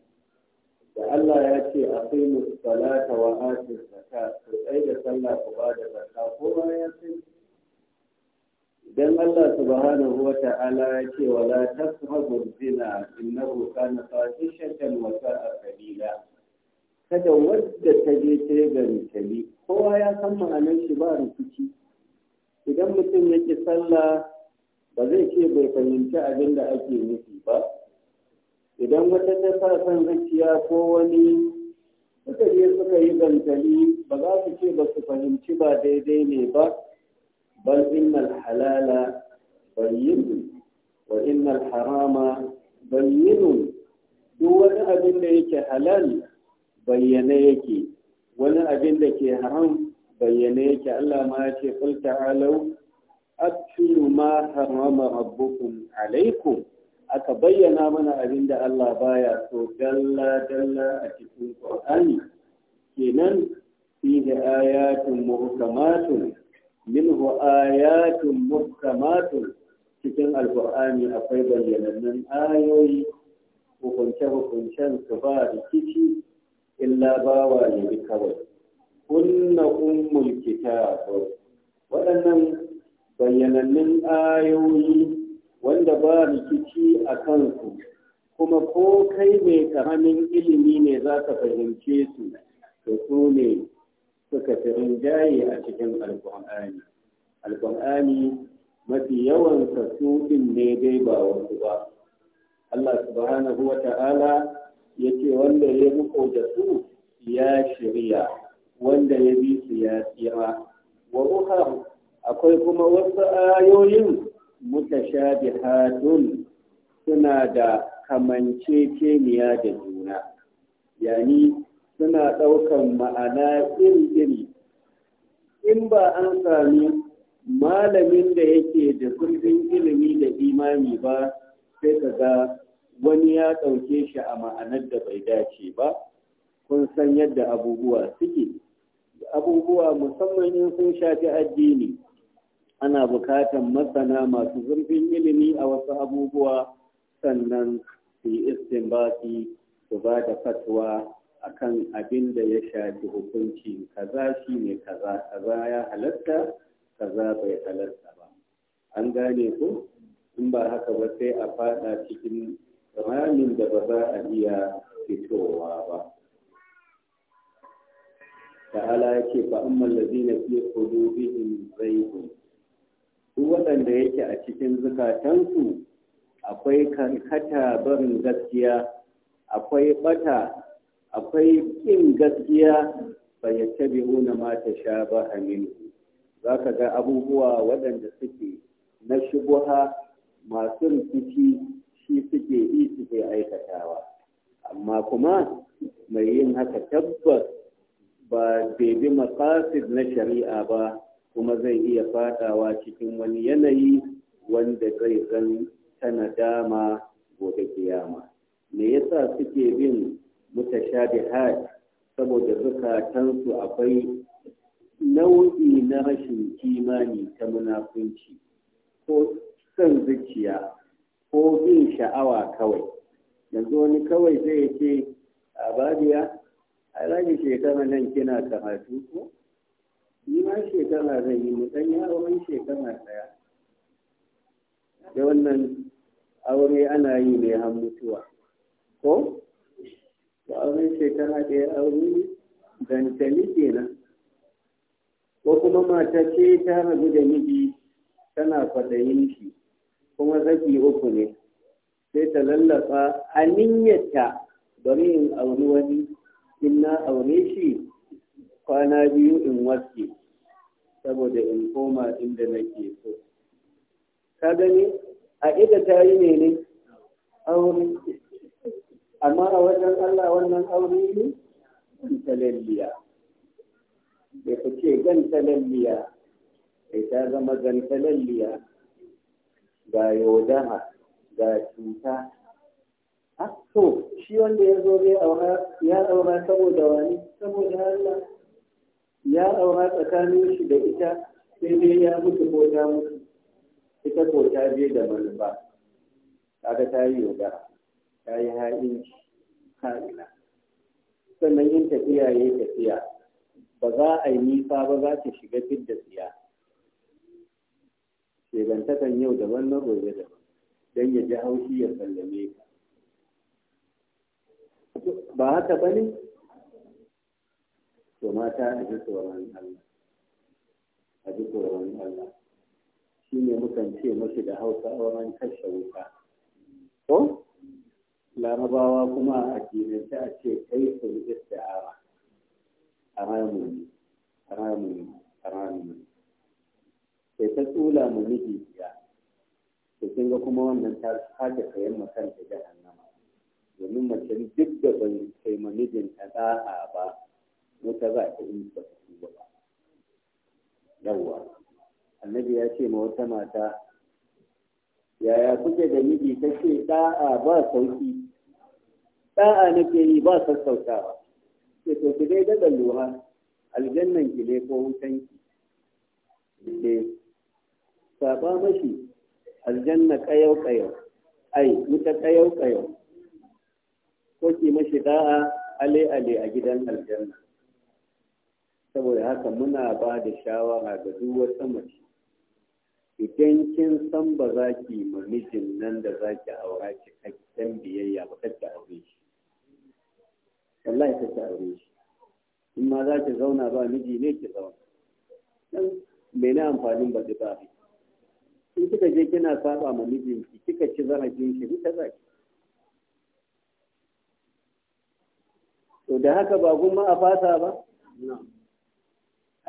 da Allah ya ce a kai musu salata wa atin zaka su tsaye da sallah ku ba da zaka ko bayan sai dan Allah subhanahu wa ta'ala ya ce wa la tashabu zina innahu kana fahishatan wa sa'a sabila kada wadda ta je ta yi gari kowa ya san ma'anar shi ba rikici idan mutum yake sallah ba zai ce bai fahimci abin da ake nufi ba idan wata ta sa san zuciya ko wani suka je suka yi gantali ba za su ce ba su fahimci ba daidai ne ba bal innal halala bayyin wa innal harama bayyinun duk wani abin da yake halal bayyane yake wani abin da ke haram bayyane yake Allah ma ya ce qul ta'alu atlu ma harama rabbukum alaikum aka bayyana mana abin da Allah baya so dalla dalla a cikin Qur'ani kenan fihi ayatun muhkamatun minhu ayatun muhkamatun cikin alkur'ani akwai bayyanannen ayoyi hukunce-hukuncen su ba rikici illa bawa ne kawai kunna ummul kitab waɗannan bayyanannun ayoyi wanda ba rikici a kansu kuma ko kai mai karamin ilimi ne za ka fahimce su da su ne suka fi rinjaye a cikin alƙur'ani alƙur'ani mafi yawan sassuɗin ne dai ba wasu ba Allah subhanahu wa ta'ala ya ce wanda ya muku da su ya shirya wanda ya bi su ya tsira wa ruha akwai kuma wasu ayoyin hadun suna da kamance kamanceceniya da juna yani suna ɗaukan ma'ana iri-iri in ba an sami malamin da yake da kundin ilimi da imami ba sai ka ga wani ya ɗauke shi a ma'anar da bai dace ba kun san yadda abubuwa suke abubuwa musamman in sun shafi addini ana bukatan masana masu zurfin ilimi a wasu abubuwa sannan su yi istinbati su ba da fatwa akan abin da ya shafi hukunci kaza shi ne kaza kaza ya halatta kaza bai halatta ba an gane ko in ba haka ba sai a fada cikin ramin da ba za a iya fitowa ba ta'ala ce ba amman lazina fi qulubihim zaygun su waɗanda yake a cikin zukatansu akwai karkata barin gaskiya akwai ɓata. akwai in gaskiya mata sha ba tashabaha Za ka ga abubuwa waɗanda suke na shubuha masu rikici shi suke yi suke aikatawa amma kuma mai yin haka tabbas ba bebi bi na shari'a ba kuma zai iya fadawa cikin wani yanayi wanda zai zan tana dama gobe kiyama me yasa suke bin mutashabihat saboda zukatansu akwai nau'i na rashin kimani ta munafunci ko son zuciya ko bin sha'awa kawai yanzu wani kawai zai ce a babiya a rage shekara nan kina karatu ko ni ma shekara zan yi mu dan yawon shekara daya da wannan aure ana yi ne har mutuwa ko da shekara ɗaya aure gantali kenan ko kuma mata ce ta rabu da miji tana kwaɗayin shi kuma zaki uku ne sai ta lallafa a niyyarta bari in auri wani in na aure shi kwana biyu in waske saboda in koma inda nake so ka gani a ita ta yi ne ne aure amma a wajen Allah wannan aure ne gantalalliya da ku ce gantalalliya sai ta zama gantalalliya ga yaudaha ga cuta to shi wanda ya zo zai aura ya aura saboda wani saboda Allah ya aura tsakanin shi da ita sai dai ya mutu ko ta mutu ita ko ta je da manufa kaga ta yi yaudaha ta yi ha'inci ha'ina sannan in tafiya ya yi tafiya ba za a yi nisa ba za ta shiga fit da tsiya shegantakan yau daban na gobe daban don ya ji haushi ya sallame ka ba haka ba ne to mata a ji tsoron Allah a ji tsoron Allah shi ne mukan ce mashi da hausa auren kashe wuta ko larabawa kuma a addinance a ce kai su yi isti'ara haramun ne haramun sai ta tsula mu miji ya to kinga kuma wannan ta sake kayan makan ta jahannama domin mace duk da ban kai mamijin ta da'a ba ta za ta yi ba ta ba yawwa annabi ya ce ma wata mata yaya kuke da miji ta ce ɗa'a ba sauki ɗa'a nake yi ba sassautawa ke to ki dai daga lura aljannan ki ne ko wutan ki ne eh. saba mashi aljanna kayau kayau ai wuta kayau kayau ko ki mashi da'a ale ale a gidan aljanna saboda haka muna ba da shawara ga duk wata mace idan kin san ba za ki ma mijin nan da za ki aura ki kakkan biyayya ba kakki aure shi wallahi kakki aure shi in ma za ki zauna ba miji ne ki zauna dan me na amfanin ba ba in kika je kina saba ma mijin ki, kika ci zarafin shi ni ta zaki to da haka ba gumma a fasa ba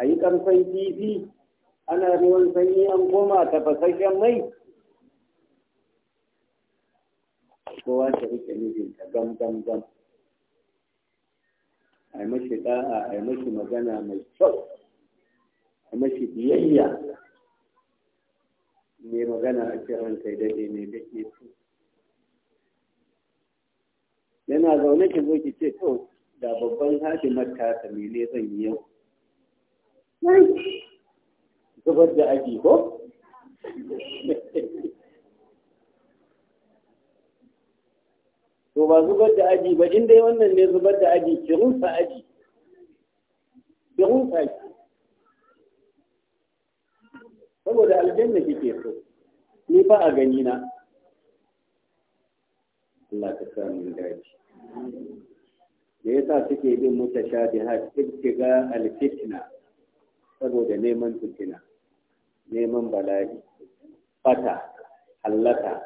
a yi karfan kifi ana ruwan sanyi an koma tafasashen mai kowa ta rike mijinta gam gam gam a yi mashi ɗa'a a yi mashi magana mai kyau a yi mashi biyayya ne magana a kiran kai daɗe mai ke su yana zaune ki zo ki ce to da babban hajimar ta ta mene zan yi yau zubar da ake ko to ba zubar da aji ba inda dai wannan ne zubar da aji ki rusa aji ki rusa ki saboda aljanna kike so ni fa a gani na Allah ka sa mun daji da yasa suke bin mutashabihat ibtiga alfitna saboda neman fitina neman bala'i fata hallaka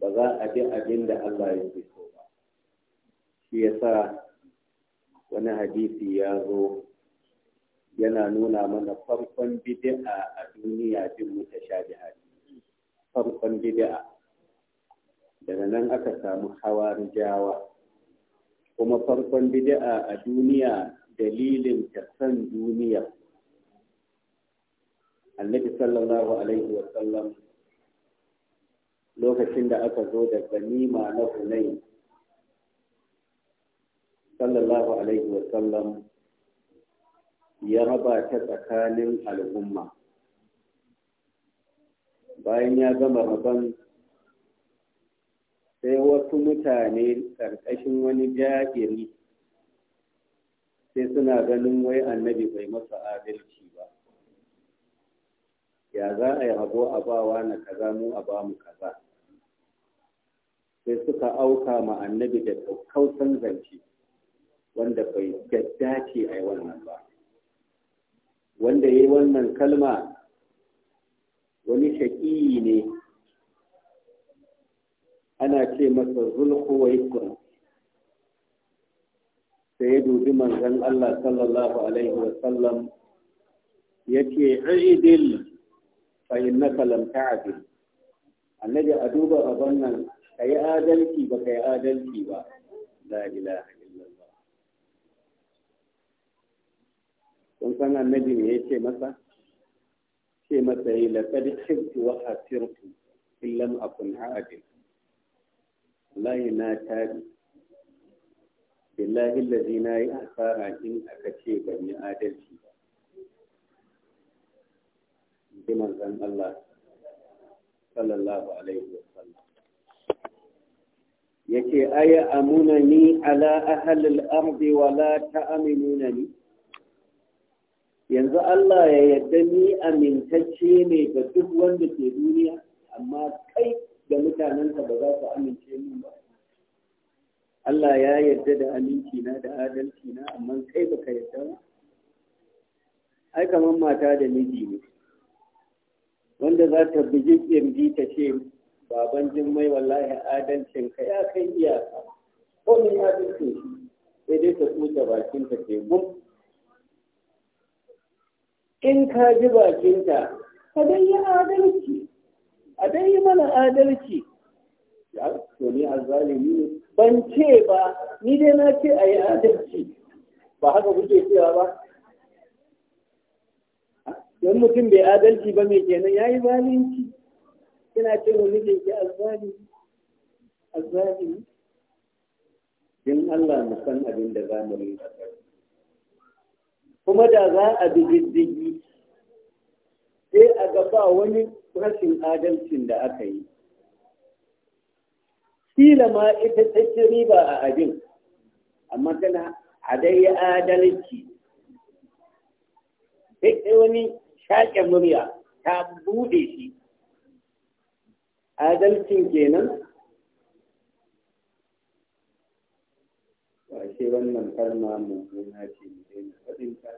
ba za a ji abin da Allah ya ce so ba shi yasa wani hadisi ya zo yana nuna mana farkon bid'a a duniya bin mutashabihat farkon bid'a daga nan aka samu hawar jawa kuma farkon bid'a a duniya dalilin ta san duniya annabi sallallahu alaihi wa sallam lokacin da aka zo da ganima na hunain sallallahu alaihi wa sallam ya raba ta tsakanin al'umma bayan ya gama rabon sai wasu mutane ƙarƙashin wani jagiri sai suna ganin wai annabi bai masa adalci ya za a yi rabo a bawa na kaza mu a ba mu kaza sai suka auka ma annabi da kausan zance wanda bai ce a yi wannan ba wanda ya yi wannan kalma wani shaƙi ne ana ce masa zulhuwaikun sai ya dubi manzon Allah sallallahu Alaihi wasallam ya ce fa innaka lam ta'dil annabi a duba rabon nan kai adalci ba kai adalci ba la ilaha illallah kun san annabi me yace masa ce masa yi laqad khibtu wa hasirtu illam akun adil wallahi na tabi billahi allazi na yi asara in aka ce ban yi adalci ba sai manzon Allah sallallahu alaihi wasallam yace aya amunani ala ahlil ardi wa la yanzu Allah ya yadda ni amintacce ne ga duk wanda ke duniya amma kai da mutanenka ba za su amince ni ba Allah ya yarda da aminci na da adalci na amma kai baka yarda ba ai kamar mata da miji ne wanda za ta bugi kirji ta ce baban jimmai wallahi adalcin ka ya kai iyaka ko min ya dace sai dai ta tsuta bakin ta ce mun in ka ji bakinta ka dai yi adalci a dai yi mana adalci ya to ni azalimi ne ban ce ba ni dai na ce a yi adalci ba haka kuke cewa ba don mutum bai adalci ba mai kenan ya yi zalunci yana ce wa mijinki azzalimi azzalimi din Allah mu san abin da za mu yi kuma da za a bi sai a gaba wani rashin adalcin da aka yi kila ma ita ta riba a abin amma tana a dai adalci sai wani shaƙe murya ta buɗe shi adalcin kenan ashe wannan kalma mummuna ce mu daina faɗin ta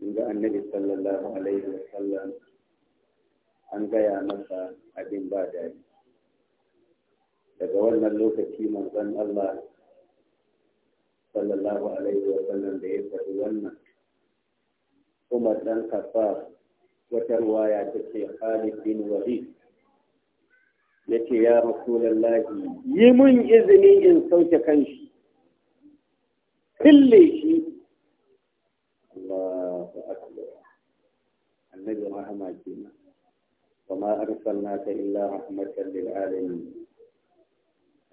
inda annabi sallallahu alaihi wa sallam an gaya masa abin ba daɗi daga wannan lokaci manzon Allah sallallahu alaihi wa sallam da ya faɗi wannan Umar ɗan Khattab wata ruwaya ta ce Khalid bin Walid ya ce ya Rasulallahi yi mun izini in sauke kanshi kille shi Allahu akbar annabi rahama kenan وما أرسلناك إلا رحمة للعالمين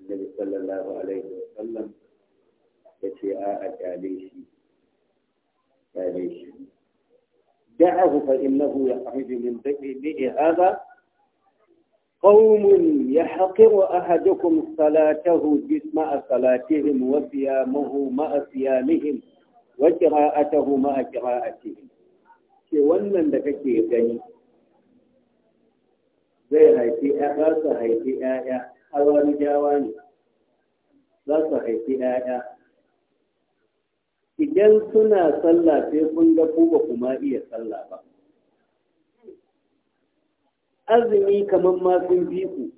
النبي صلى Ya ce وسلم يتي shi, تعليشي shi. دعه فإنه يخرج من بيته هذا قوم يحقر أحدكم صلاته مع صلاتهم وصيامه مع صيامهم وقراءته مع قراءتهم ce wannan da kake gani zai haifi ‘ya'ya su haifi ‘ya'ya, hawan jawa ne, za su haifi idan suna sallah sai kun ga ku ba kuma iya sallah ba azumi kamar ma sun fi ku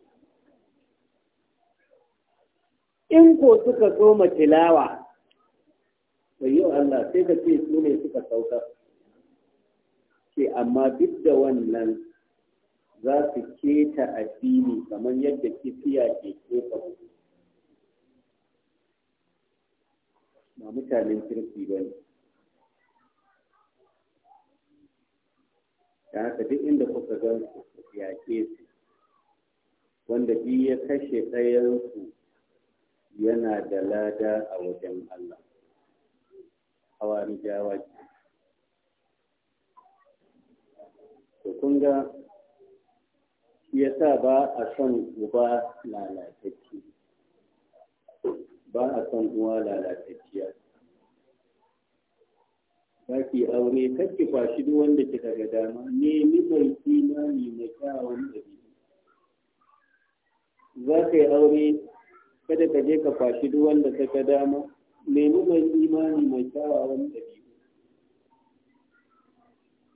in ko suka soma tilawa yau Allah sai ka ce su ne suka saukar ke amma duk da wannan za su keta addini kamar yadda kifiya ke keta ba mutanen kirki ba ne da haka duk inda kuka gan su yaƙe su wanda bi ya kashe ɗayansu yana da lada a wajen Allah ni jawa to kun ga Ya sa ba a son uba lalatacce ba a son uwa lalatacciya zaki aure kake kwashi duk wanda kika ga dama nemi mai imani mai kyawun dabi'u za ka yi aure kada ka je ka kwashi duk wanda ka ga dama nemi mai imani mai kyawun dabi'u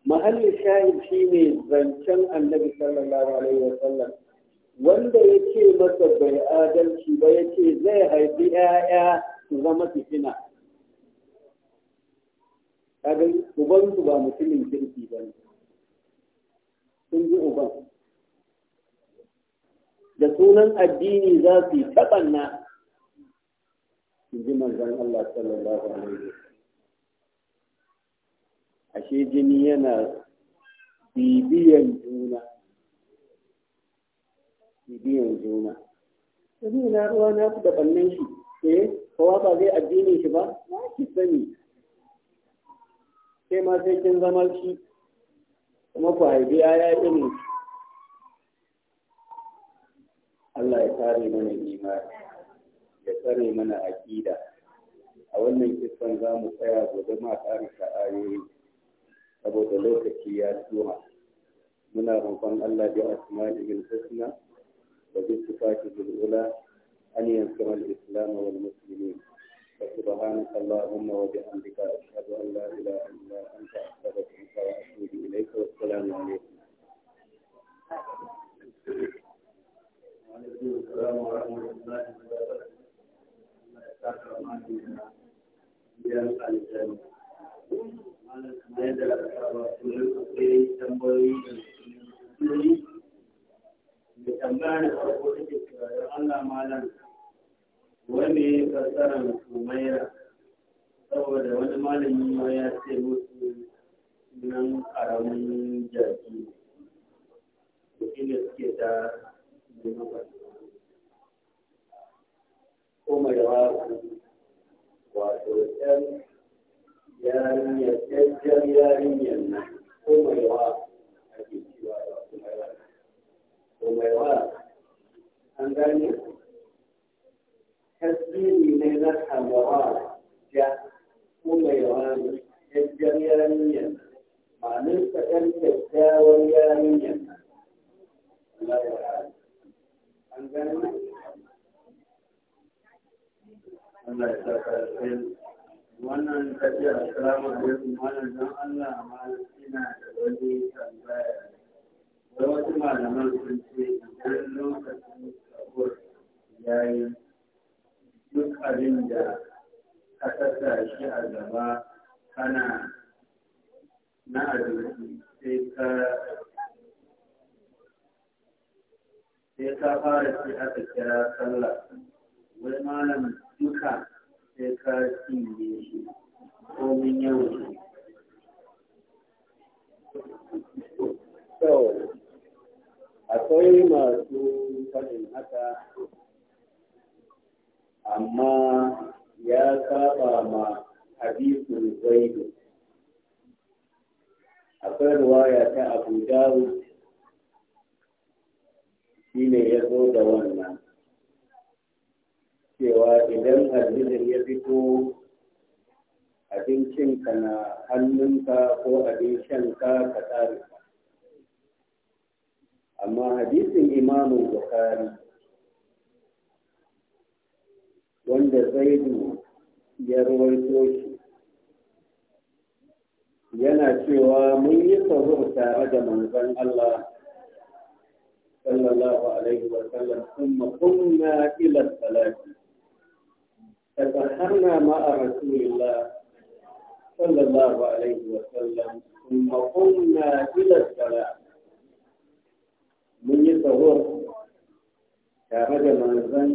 mahallin shahid shi ne zancen annabi sallallahu alaihi wa sallam wanda ya ce masa bai adalci ba ya ce zai haifi ‘ya'ya su zama fitina. Kaga ubansu ba mutumin kirki ba ne. Sun ji uban. Da sunan addini za su yi taɓanna. Ji manzan Allah sallallahu alaihi Ashe jini yana bibiyan juna. bibiyan juna sani na ruwa na da bannan shi eh kowa ba zai addinin shi ba na ki sani sai ma sai kin zama shi kuma ku haifi yaya irin Allah ya kare mana imani ya tsare mana aƙida a wannan kisan za mu tsaya gobe ma ƙarisa ayoyi saboda lokaci ya tura muna roƙon Allah bi asma'il husna صفاته الأولى أن ينصر الإسلام والمسلمين فسبحانك اللهم وبحمدك أشهد أن لا إله إلا أنت أستغفرك وأتوب إليك والسلام عليكم السلام عليكم ورحمة الله وبركاته. Malam kamar yadda aka saba, kullum akwai tambayoyi da da tambaya da farko take cewa don wani malami ma ya ce musu nan karamin jaki da ɗan yarinyar ɗan yarinyar nan kuma da wato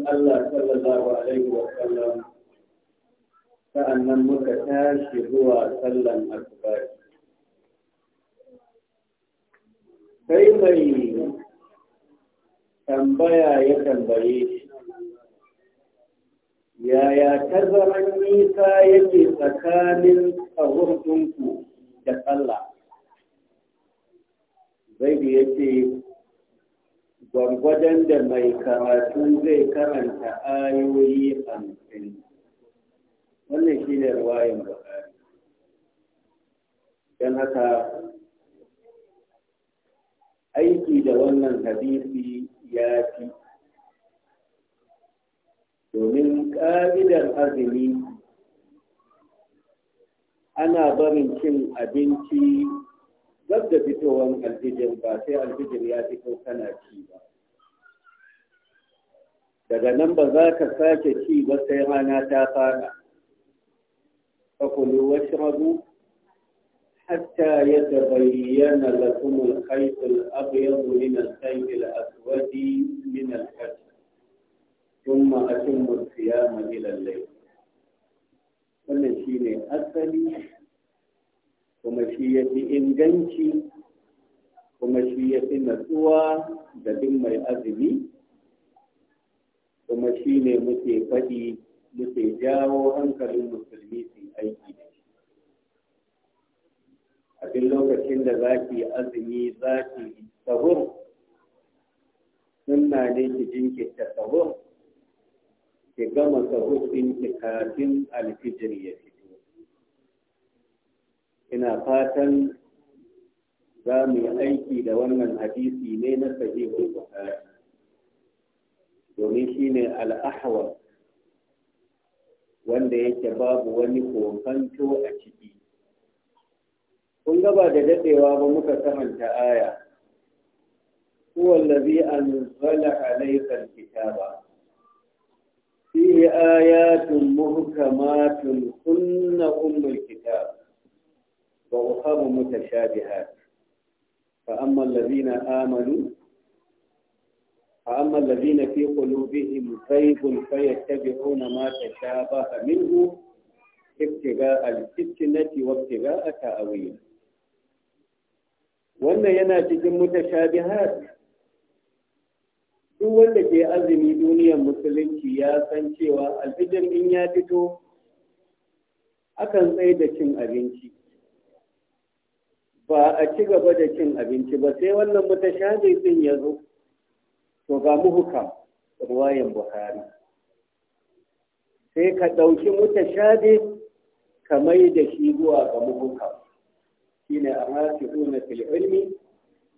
Allah sallallahu alaihi wa sallam sa'annan muka tashi zuwa sallan asubahi sai mai tambaya ya tambaye shi yaya tazaran nisa yake tsakanin tsawurdinku da allah zai ya ce gwargwadon da mai karatu zai karanta ayoyi hamsin wannan shi ne ruwayin bukari don haka aiki da wannan hadisi ya fi domin ƙa'idar azumi ana barin cin abinci duk da fitowar alfijin ba sai alfijin ya fito kana ci ba daga nan ba za ka sake ci ba sai rana ta fara fakulu washrabu hatta yadda lakum al-khayt al-abyad min al-khayt min al-fajr thumma atimmu al-siyama ila al-layl wannan shine asali kuma shi ya fi inganci kuma shi ya fi natsuwa da bin mai azumi kuma shi ne muke faɗi muke jawo hankalin musulmi su aiki da shi a duk lokacin da za ki azumi za ki sahur sunna ne ki jinkirta sahur ki gama sahur ɗinki kafin alfijir ya fi ina fatan za mu yi aiki da wannan hadisi ne na sahihul bukhari domin shi ne al’ahawa wanda yake babu wani kokanto a ciki kun gaba da dadewa ba muka karanta aya zala الذي أنزل ba الكتاب فيه آيات محكمات kunna أم الكتاب وأخر متشابهات فأما الذين آمنوا فأما الذين في قلوبهم زيغ فيتبعون ما تشابه منه ابتغاء الفتنة وابتغاء تأويل wannan yana cikin mutashabihat duk wanda ke azumi duniyar musulunci ya san cewa alfijir in ya fito akan tsaye da cin abinci ba a ci gaba da cin abinci ba sai wannan mutashabi din ya zo to ga muhukam ruwayan buhari sai ka ɗauki mutashabi ka mai da shi zuwa ga muhukam shi ne a rafi una fil ilmi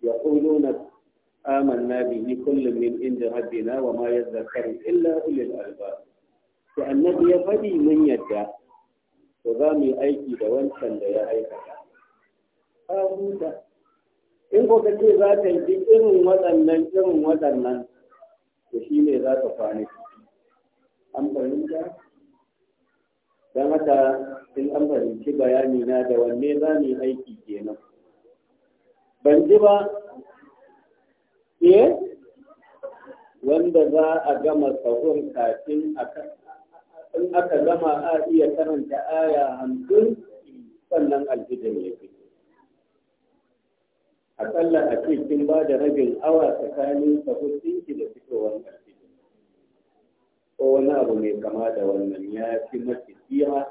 ya ƙulo na aman nabi ni kullum min inda rabbina wa ma ya zakari illa ulil alba to annabi ya faɗi mun yadda to za mu yi aiki da wancan da ya aikata ka huta in ko ka ce za ka yi irin waɗannan irin waɗannan to shi ne za ka kwana an fahimta don haka in an fahimci bayani na da wanne za mu yi aiki kenan ban ji ba eh wanda za a gama sahur kafin in aka gama a iya karanta aya hamsin sannan alfijir ya fi akalla a ce kin ba da rabin awa tsakanin ki da fitowar ƙarfi. ko wani abu mai kama da wannan ya fi mace tsira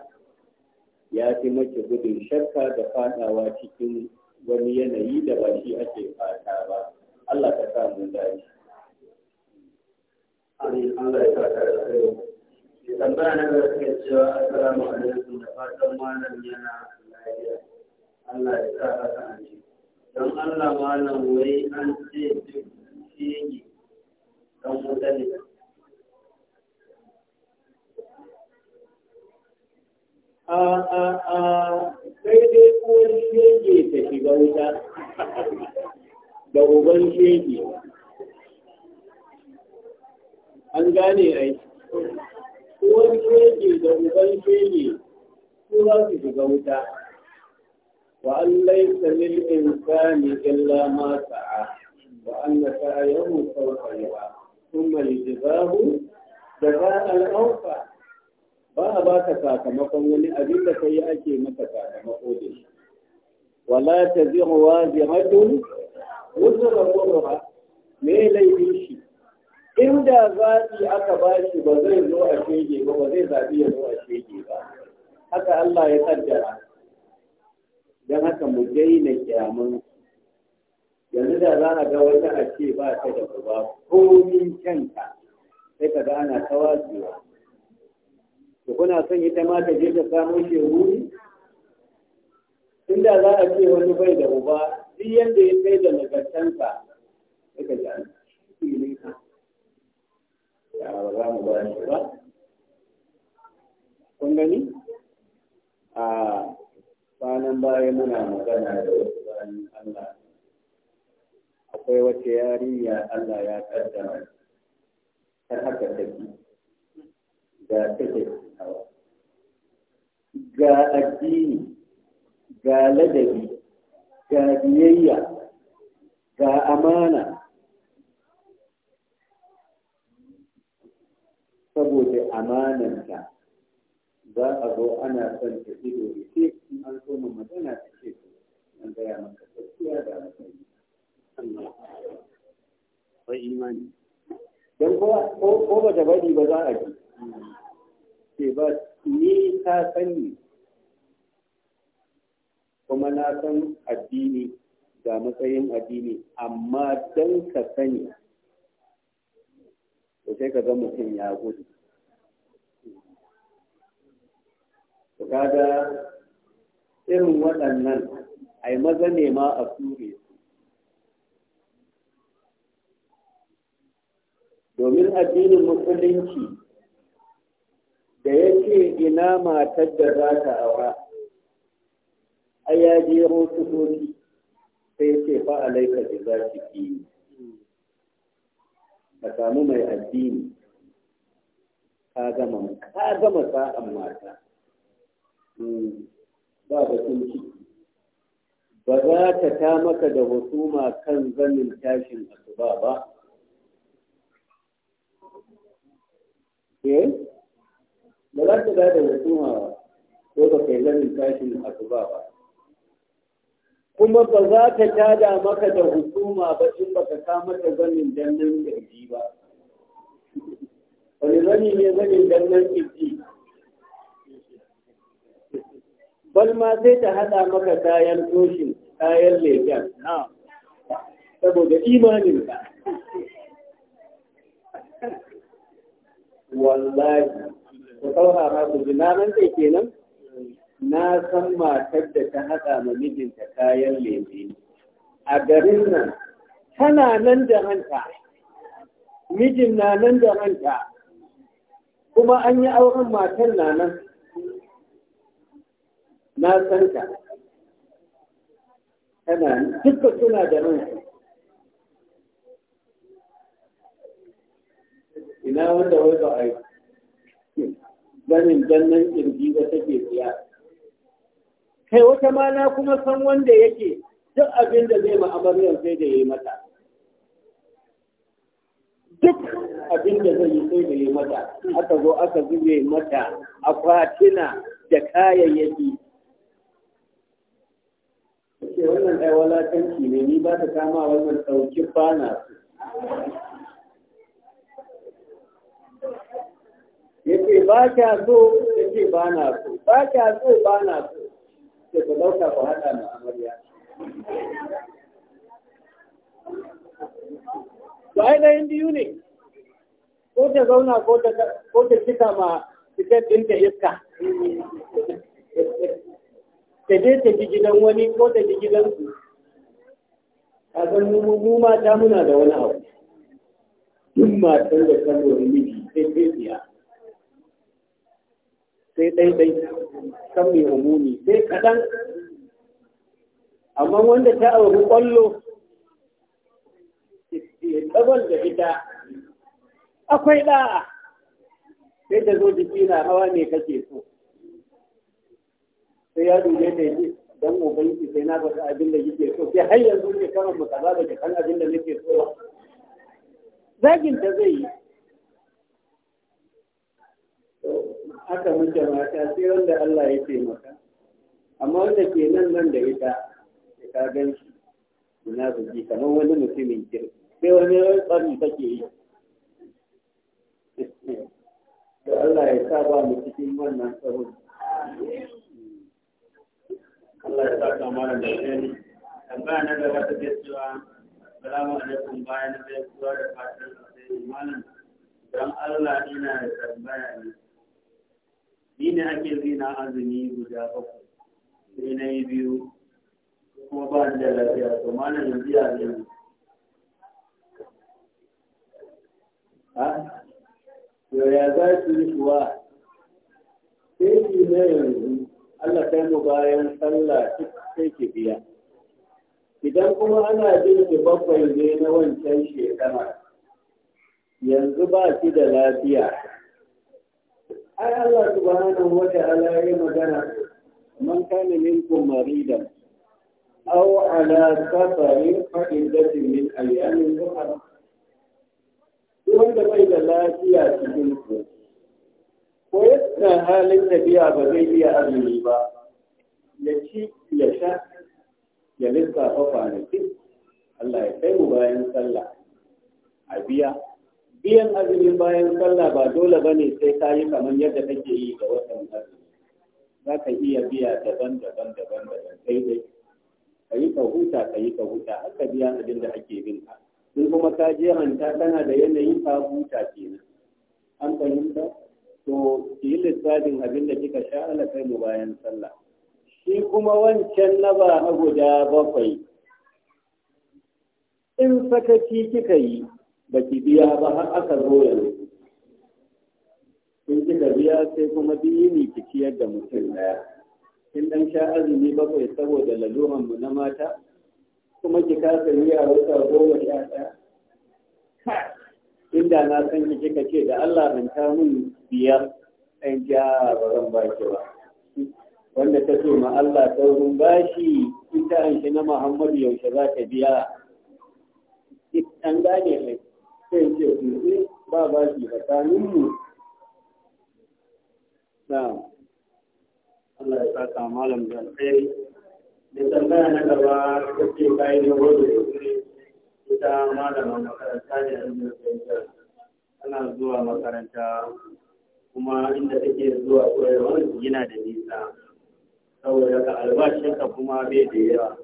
ya fi mace gudun shakka da fadawa cikin wani yanayi da ba shi ake fata ba Allah ka sa mun dai Amin Allah ya sa ka kai tambaya na gaba take cewa assalamu alaikum da fatan malam yana lafiya Allah ya sa ka san don Allah malam wai an ce duk ne, dan wuta ne a a a sai dai uwar shege ta shiga wuta da uban shege an gane ai Uwar shege da uban shege su za su shiga wuta وأن ليس للإنسان إلا ما سعى وأن سعيه سوف يرى ثم يجزاه جزاء الأوفى ba a ba ka sakamakon wani abin da kai ake maka sakamako da shi wala ta zira wa ziratun wuzura wuzura me laifin shi inda zaɓi aka ba shi ba zai zo a shege ba ba zai zaɓi ya zo a shege ba haka Allah ya kaddara don haka mu daina kyamun yanzu da za a ga wata a ce ba ta da uba komin kyanta sai ka ga ana tawasewa to kuna son ita ma ta je ta samo shehuri inda za a ce wani bai da uba duk yadda ya kai da nagartanka sai ka ji kwanan baya muna magana da wasu bayan Allah akwai wata yarinya Allah ya kaddara ta haka take ga take ga addini ga ladabi ga biyayya ga amana saboda amananta za a zo ana son ta ido da ke in an so mu magana ta ce ku an gaya maka gaskiya da alƙali akwai imani don ko ba da bari ba za a ji ce ba ni ta sani kuma na san addini ga matsayin addini amma don ka sani to sai ka ga mutum ya gudu kaga irin waɗannan ai maza ne ma a ture su domin addinin musulunci da yake ina matar da za ta aura a ya jero su sai ce fa alaika da za ki yi ka samu mai addini ka gama sa'an mata Hmm. ba da kunci ba za ta ta maka da husuma kan zanin tashin asuba ba eh ba za ta da husuma ba ko ba kai zanin tashin asuba ba kuma ba za ta da maka da hukuma ba in ba ka ta maka zanin dannan kirji ba wani zani ne zanin dannan kirji bal ma sai ta haɗa maka kayan toshin kayan leken saboda imanin ka wallahi ku saurara ku ji nan sai kenan na san matar da ta haɗa ma mijinta kayan leke a garin nan tana nan da hanta mijin na nan da hanta kuma an yi auren matan na nan na san ka ana duka suna da nan ina wanda wai ba a yi ganin dannan kirji ba take siya kai wata ma na kuma san wanda yake duk abin da zai ma'amariyar sai da yi mata duk abin da zai yi sai da yi mata aka zo aka zube mata fatina da kayayyaki wallahi walakanci ne ni ba ta kama wannan ɗauki bana su ya ce ba kya so ya ce ba na so ba kya so ba na so ce ku ɗauka ku haɗa na amarya biyu ne ko ta zauna ko ta cika ma fitar ɗinta iska ta je ta ji gidan wani ko ta ji gidan su a zan mu mata muna da wani abu duk matan da ta lori miji sai sai biya sai dai-dai, kan mai umumi sai kaɗan amma wanda ta auri ƙwallo tsabon da ita akwai ɗa'a sai da zo jiki na hawa ne kake so sai ya dube ta yi dan ubangi sai na faɗi abin da yake so sai har yanzu ne kan mu da kan abin da nake so zagin da zai yi aka muke mata sai wanda Allah ya taimaka amma wanda ke nan nan da ita ya ka gan shi ina zuci kamar wani mutumin kirki sai wani tsari take yi da Allah ya sa ba mu cikin wannan tsaro Allah ya saka mana da shi tambaya na gaba ta cewa assalamu alaikum bayan da kuwa da fatan sai malam dan Allah ina da tambaya ne ni ne ake zina azumi guda bakwai sai na yi biyu kuma ba da lafiya to malam yanzu ya zai ha yau ya za su yi kuwa sai ne yanzu Allah kai mu bayan sallah sai ki biya idan kuma ana jin ki bakwai ne na wancan shekara yanzu ba ki da lafiya ai Allah subhanahu wa ta'ala ya magana man kana ku, Marida. aw ala safarin fa iddatin min ayyamin ukhra wanda bai da lafiya cikin ku ko yadda halin tafiya ba zai iya azumi ba ya ci ya sha ya lissafa kwanaki Allah ya kai mu bayan sallah a biya biyan azumi bayan sallah ba dole ba ne sai ka yi kamar yadda kake yi ga watan azumi za ka iya biya daban daban daban daban sai dai ka yi ka huta ka yi ka huta haka biya abin da ake bin ka in kuma ka je hanta tana da yanayin ka huta kenan an fahimta to yi lissafin abin da kika sha ala kai mu bayan sallah shi kuma wancan na ba na guda bakwai in sakaci kika yi ba ki biya ba har aka zo yanzu in kika biya sai kuma ne ki ciyar da mutum daya in dan sha azumi bakwai saboda laluran mu na mata kuma ki kasa a wuta goma sha ɗaya inda na san ki kika ce da Allah ban ta mun biyar an ji a zan baki ba wanda ta so ma Allah saurin bashi ita an shi na Muhammadu yaushe za ta biya an gane ne sai ce kuzi ba bashi tsakanin mu na Allah ya saka malam da alkhairi da tambaya na gaba ta ce bayan da wanda ita malamin makaranta ne a ana zuwa makaranta kuma inda take zuwa koyarwar yana da nisa saboda ka ka kuma bai da yawa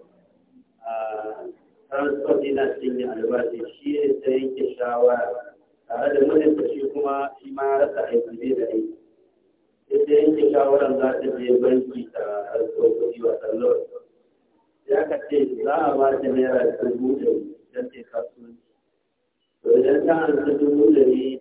A transport yana cinye albashi shi ne ta yanke shawara tare da ta shi kuma shi ma rasa aiki bai da aiki ta yanke shawaran za ta je banki ta harkar kuɗi wa tallon ya ka ce za a ba ta naira dubu dari don ta kasuwanci Wajen ta hanzu dubu ɗari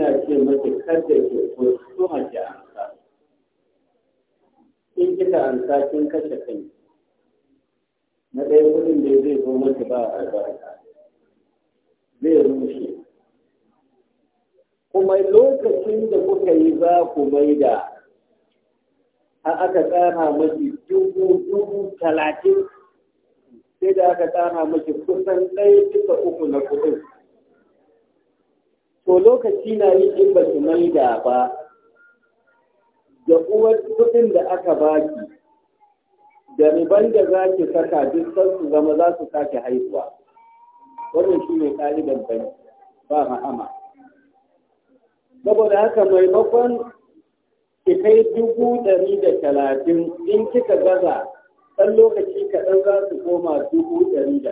ina ce maki kada ke kuskura ki ansa. in kika ansa kin kashe kai na dai kuɗin da zai zo maki ba albarka zai rushe kuma lokacin da kuka yi za ku maida a aka tsara maki dubu dubu talatin sai da aka tsara maki kusan ɗaya duka uku na kuɗin to lokaci na yi in ba mai da ba da uwar kuɗin da aka baki da riban da za ki saka duk su zama za su sake haihuwa wannan shi ne ƙaliban bai ba ma'ama saboda haka maimakon ki kai dubu ɗari da talatin in kika gaza ɗan lokaci kaɗan za su koma dubu ɗari da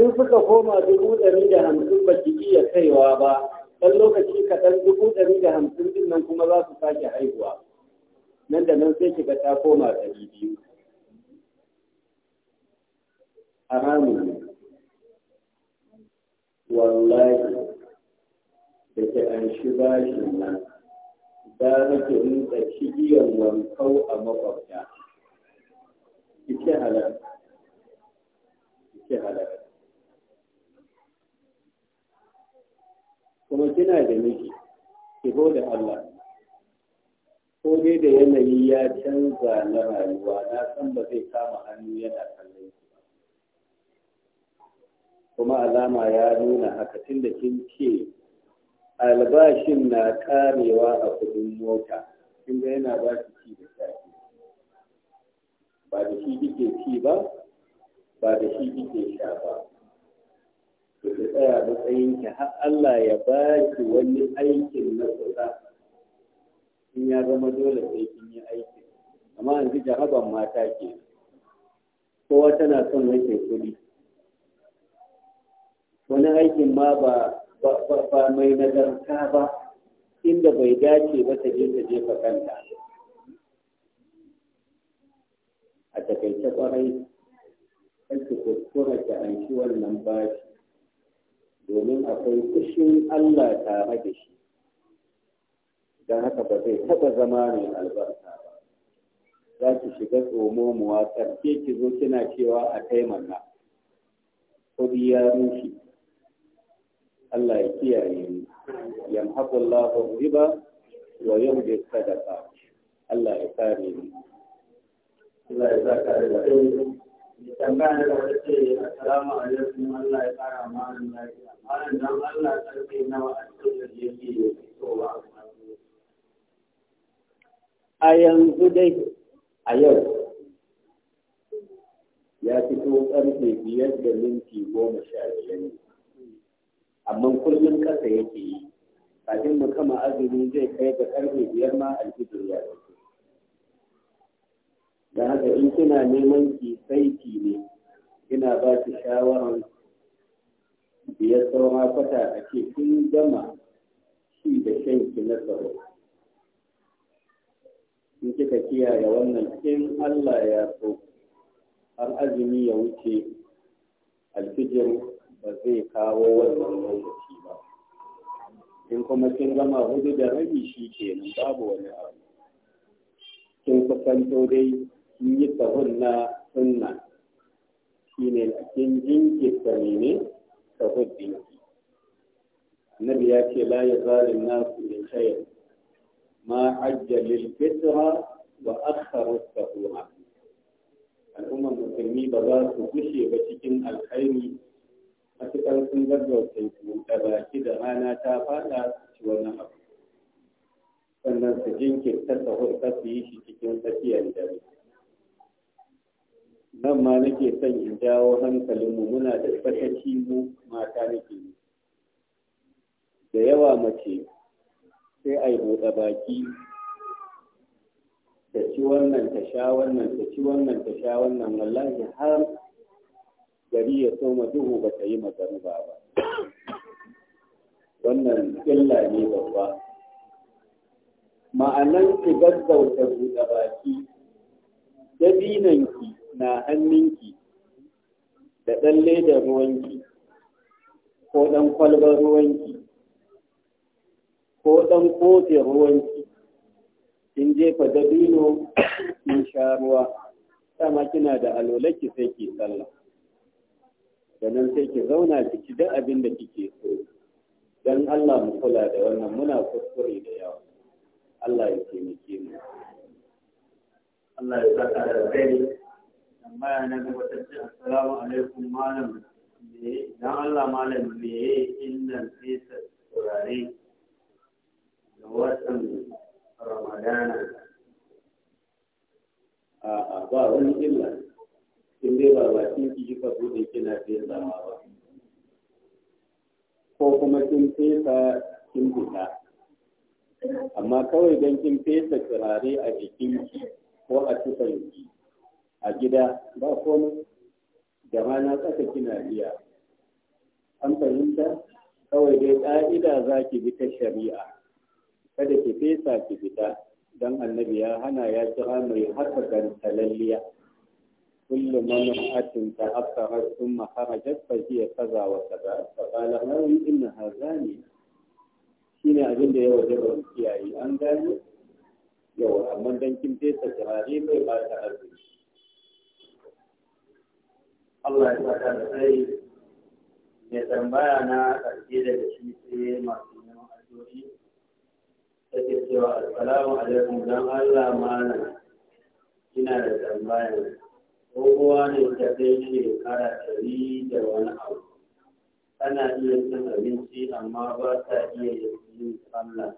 in suka koma dubu ɗari da hamsin ba ki iya kaiwa ba ɗan lokaci kaɗan dubu ɗari da hamsin din nan kuma za su sake haihuwa nan da nan sai kiga ta koma ɗari biyu haramun ne wallahi da ke an shi bashin nan za nake nuna cigiyar wankau a maƙwabta. ki ce halal ki ce halal kuma kina da miji ki da Allah ko dai da yanayi ya canza na rayuwa na san ba zai kama hannu yana kallon ki ba kuma alama ya nuna haka da kin ce albashin na karewa a kudin mota kin ga yana ba ki ci da safi ba da shi kike ci ba ba da shi kike sha ba ki tsaya matsayinki ki har Allah ya ba ki wani aikin na kusa in ya zama dole sai kin yi aikin amma yanzu jaraban mata ke kowa tana son wake kuɗi wani aikin ma ba ba mai nagarta ba inda bai dace ba ta je ta jefa kanta a takaice kwarai kan ki kuskura ki wannan bashi domin akwai kushin Allah tare da shi don haka ba zai taɓa zama mai albarka ba za ki shiga tsomomuwa ƙarfe ki zo kina cewa a taimaka kuɗi ya rushe Allah ya kiyaye mu yamhaqu Allahu riba wa da sadaqa Allah ya kare ni Allah ya saka da kai tambaya da wata ce assalamu alaikum Allah ya fara malam lafiya malam dan Allah karfe nawa a cikin yake fitowa a yanzu dai a yau ya fito karfe biyar da minti goma sha biyar amma kullum ƙasa yake yi kafin mu kama azumi zai kai ga karfe biyar ma alfijir ya da haka in kina neman ki saiti ne ina ba ki shawarar biyar sauran kwata a ce kun gama shi da shan ki na tsaro in kika kiyaye wannan in Allah ya so har azumi ya wuce alfijir ba zai kawo wannan lokaci ba in kuma kin gama hudu da rabi shi nan babu wani abu kin kusanto dai yi sahun na sunna shi ne a cikin jinkirta ne sahun dinki annabi ya ce la ya zalin nasu da shayar ma ajjalil fitra wa akharu sahuna al'ummar musulmi ba za su gushe ba cikin alkhairi matuƙar sun gaggauta da baki da rana ta fada ci wani abu sannan su jinkirta sahur ta su yi shi cikin tsakiyar dare nan ma nake son in jawo hankalinmu muna da tsakaci mu mata nake da yawa mace sai a yi buɗe baki ta ci wannan ta sha wannan ta ci wannan ta sha wannan wallahi har gari ya soma duhu ba ta yi magana ba wannan illa ne babba ma'anan ki gaggauta buɗe baki dabinanki na hannunki da ɗan ledar ruwanki ko ɗan kwalbar ruwanki ko ɗan kofin ruwanki in jefa dabino in sha ruwa sama kina da alolaki sai ki sallah da sai ki zauna ki ci duk abin da kike so don Allah mu kula da wannan muna kuskure da yawa Allah ya taimake mu Allah ya saka da kai tambaya na gaba ta ce assalamu alaikum malam dan Allah malam me yayi fesa turare ga watan Ramadana a ba wani illa Sun dai ba ba kin ki kika bude kina fesa ma ba ko kuma kin fesa kin fita amma kawai don kin fesa turare a jikinki ko a tufanki a gida ba komai da rana tsaka kina biya. an fahimta kawai dai ƙa'ida za ki bi ta shari'a kada ki fesa ki fita don annabi ya hana ya kira mai haka Kullum kullu manfa'atin ta har sun jasta shi ya kaza wa kaza fa ina hawi inna Shi ne abin da ya waje ba kiyaye an gane Yau, amma don kin fesa turare mai ba ta arziki Allah ya saka da sai ya tambaya na karfe daga shi sai masu neman addu'o'i take cewa assalamu alaikum don Allah malam ina da tambaya kowa ne ta kai shekara ɗari da wani abu tana iya cin abinci amma ba ta iya yin sallah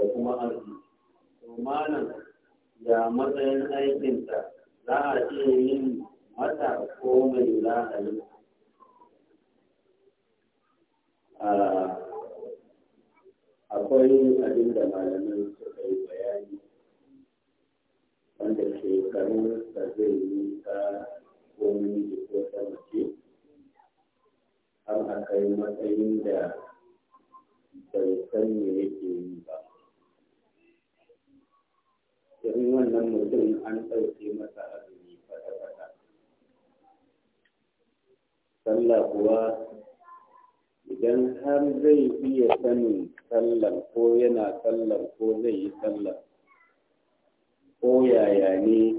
da kuma arziki to malam ya matsayin aikinta za a iya yin mata komai za a yi akwai abin da malamai suka yi bayani wanda shekarun da zai yi ta komai ko ta mace har kai matsayin da bai san me yake yi ba irin wannan mutum an ɗauke masa sallah kuwa idan har zai iya sanin sallar ko yana sallar ko zai yi sallar ko yaya ne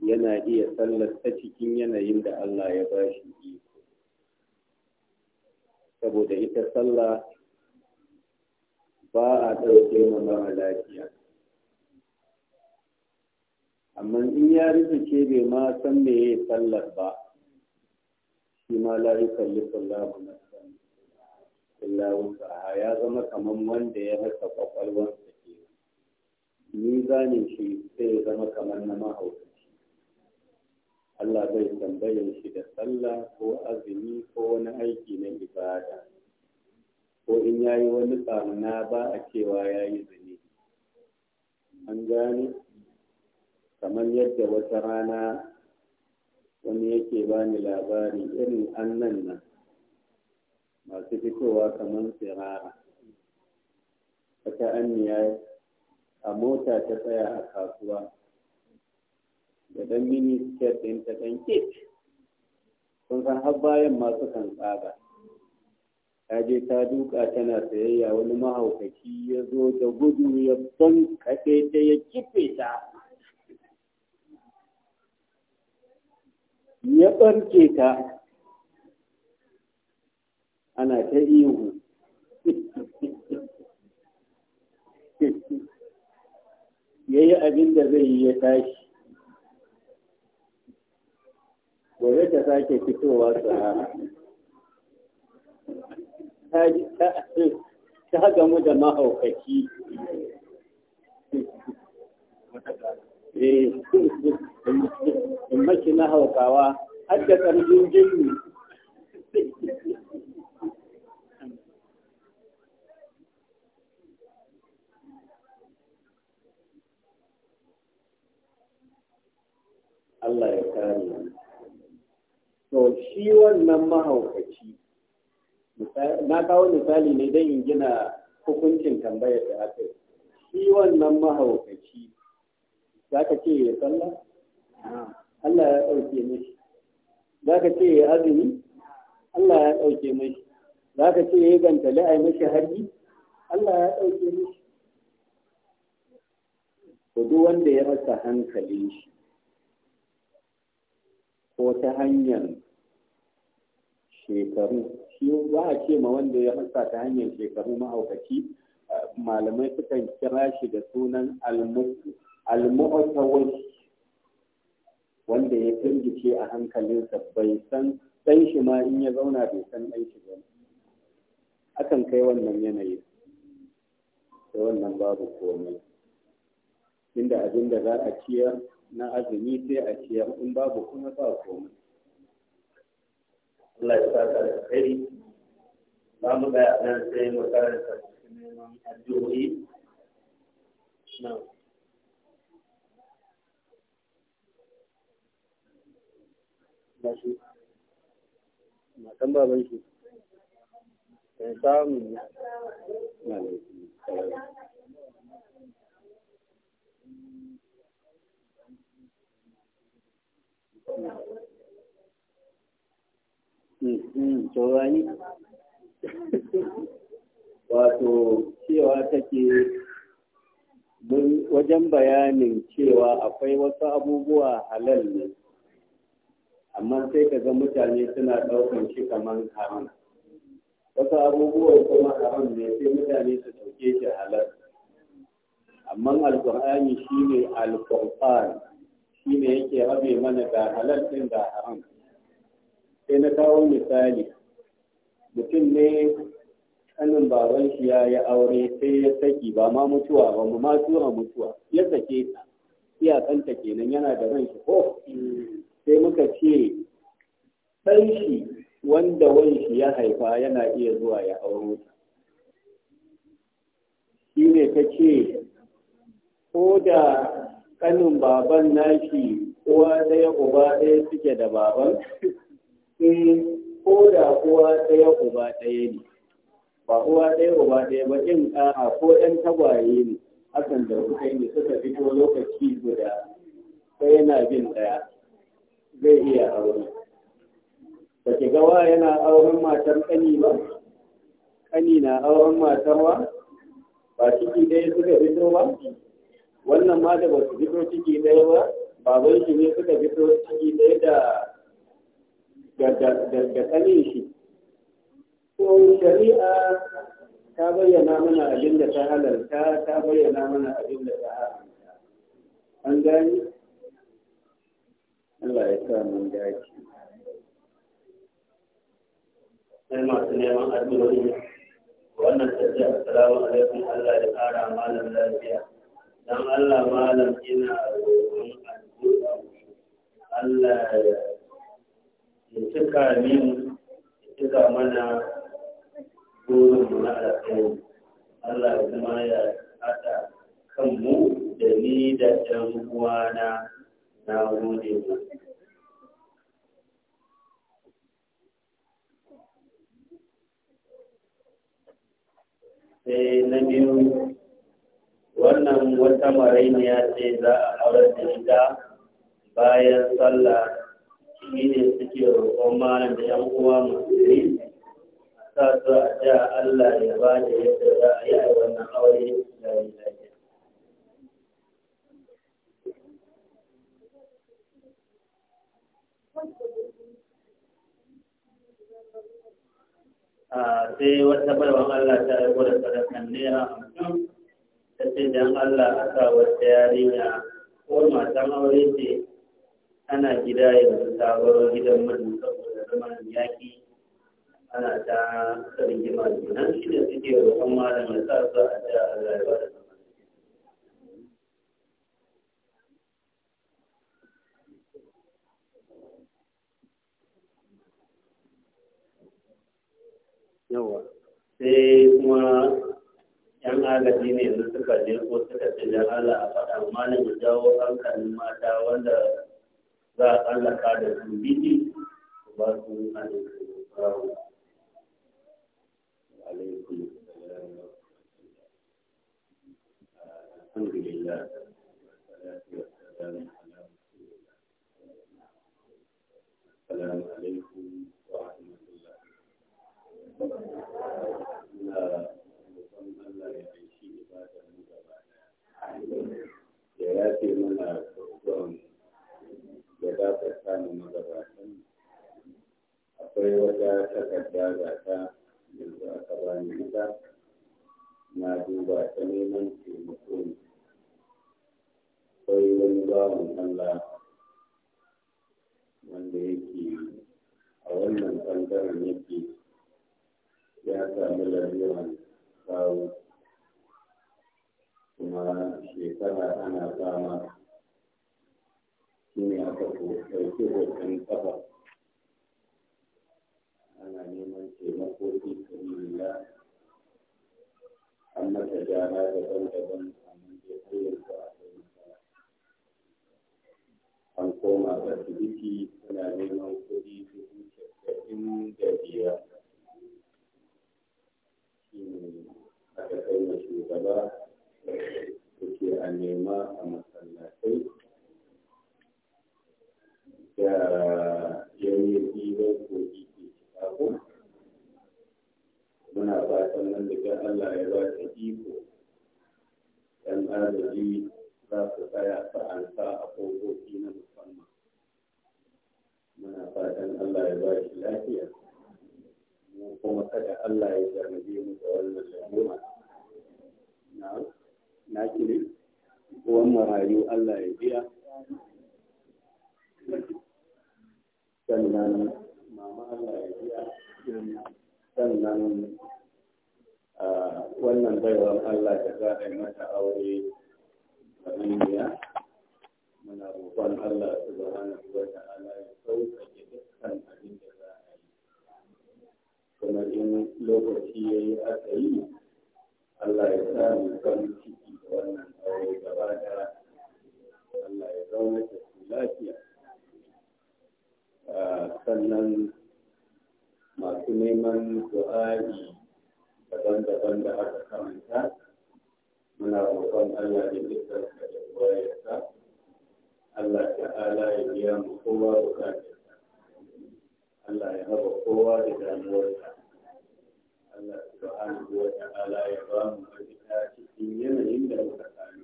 yana iya sallar ta cikin yanayin da Allah ya ba shi iko saboda ita sallah ba a ɗauke ma mara lafiya amma in ya rikice bai ma san me ya sallar ba shi ma la yukallifu Allahu nafsan illa wus'aha ya zama kaman wanda ya rasa kwakwalwar sa ke ni zanin shi sai ya zama kamar na mahaukaci Allah bai tambayar shi da sallah ko azumi ko wani aiki na ibada ko in yayi wani barna ba a cewa yayi zane. an gane kamar yadda wata rana wani yake bani labari irin annan nan masu fitowa kamar tsirara wata anniya a mota ta tsaya a kasuwa da ɗan mini ɗin ta ɗan kit sun san har bayan masu kan tsaba ta je ta duka tana sayayya wani mahaukaci ya zo da gudu ya ban kaɗe ta ya kife ta ya ɓarke ta ana ta ihu ya yi abin da zai yi ya tashi gobe ta sake fitowa sahara ta gamu da mahaukaci in maki na haukawa har da ƙarfin jinni Allah ya kare mu. To shi wannan mahaukaci na kawo misali ne don in gina hukuncin tambayar da aka yi. Shi wannan mahaukaci za ka ce ya salla? Allah ya ɗauke mashi za ka ce ya azumi Allah ya ɗauke mashi za ka ce ya ganta gantale a yi mashi harbi Allah ya ɗauke mashi to duk wanda ya rasa hankalin shi ko ta hanyar shekaru shi ba a ce ma wanda ya rasa ta hanyar shekaru ma'aukaci malamai sukan kira shi da sunan almusu al-mu'tawai wanda ya firgice a hankalinsa bai san dan shi ma in ya zauna bai san dan shi ba akan kai wannan yanayi Sai wannan babu komai inda abin da za a ciyar na azumi sai a ciyar in babu kuma ba komai Allah ya sa ka kai za mu ga nan sai mu karanta neman addu'o'i na'am matan baban shi ya eh, samu hmm, hmm, wato cewa take wajen bayanin cewa akwai wasu abubuwa halal ne. amma sai ka ga mutane suna ɗaukan shi kamar haram wasu abubuwa kuma haram ne sai mutane su ɗauke shi halar amma alƙur'ani shi ne alƙur'an shi ne yake rabe mana ga halar ɗin ga haram sai na kawo misali mutum ne kanin baban shi ya yi aure sai ya saki ba ma mutuwa ba mu ma tura mutuwa ya sake ta iyakanta kenan yana da ran shi ko mm. sai muka ce ɗan shi wanda wanshi ya haifa yana iya zuwa ya auro ta shi ne ta ce ko da ƙanin baban nashi uwa ɗaya uba ɗaya suke da baban eh, ko da uwa ɗaya uba ɗaya ne ba uwa ɗaya uba ɗaya ba in a ko ɗan tagwaye ne hakan da suka yi suka fito lokaci guda ko yana bin ɗaya zai iya aure ba ki gawa yana auren matar ƙani ba ƙani na auren matar wa ba ciki ɗaya suka fito ba wannan ma da ba su fito ciki ɗaya ba baban shi ne suka fito ciki ɗaya da da ƙanin shi ko shari'a ta bayyana mana abin da ta halarta ta bayyana mana abin da ta halarta. an gani Allah ya sa mun dace sai masu wannan tafiya alaikum Allah ya kara malam lafiya dan Allah malam ina roƙon addu'a Allah ya cika min cika mana burin na alƙairi Allah kuma ya haɗa kanmu da ni da ɗan uwana na eh, sai na biyu wannan wata marainiya ce za a aurar da ita bayan sallah shi ne suke roƙon malam da yan uwa musulmi sa su a ja Allah ya ba da yadda za a yi wannan aure da Ah, sai wata barwan Allah ta yi da sadakan naira hamsin ta ce don Allah a sa wata yarinya ko matan aure ce ana gida yanzu ta baro gidan mutum saboda zaman yaƙi ana ta rigima kenan shi da suke roƙon malam sa su a ta Allah ya yawa sai kuma yan agaji ne da suka je ko suka ce da ala a faɗa malam mu jawo hankalin mata wanda za a tsallaka da su biki ba su alaikum الحمد لله والصلاة والسلام ya yafe mana kuɓon da za ta samu magabatan akwai wata takarda ga ta yanzu aka bani ita na duba ta neman taimako ne akwai wani bawan Allah wanda yake a wannan ɓangaren yake ya samu laluran kawo kuma shekara ana fama shi ne aka ɗauki hoton ƙafa ana neman taimako fi sabilillah an mata gyara daban-daban amma dai har yanzu akwai matsala an koma asibiti suna neman kuɗi dubu casa'in da biyar shi ne aka kai shugaba da ke a nema a masallatai da yanayi ɗiwon kogi ke shago muna fatan nan da ga Allah ya ba ta iko ɗan arziki za su tsaya su an sa a ƙofofi na musamman muna fatan Allah ya ba shi lafiya mu kuma kada Allah ya jarrabe mu da wannan lalura na'am naki ne uwan marayu Allah ya biya sannan mama Allah ya biya sannan wannan baiwan Allah da za a yi mata aure a duniya muna roƙon Allah subhanahu wa ala ya sauƙaƙe dukkan abin da za a yi kuma in lokaci ya yi aka yi Allah ya sa mu kan ciki wannan aure gaba da Allah ya zauna da su lafiya ah, sannan masu neman du'a'i daban-daban da aka karanta muna roƙon Allah ya dukkan da wayarsa Allah ta'ala ya biya mu kowa bukatarsa Allah ya raba kowa da damuwarsa Allah subhanahu wa ta'ala ya ba mu fita cikin yanayin da muka sami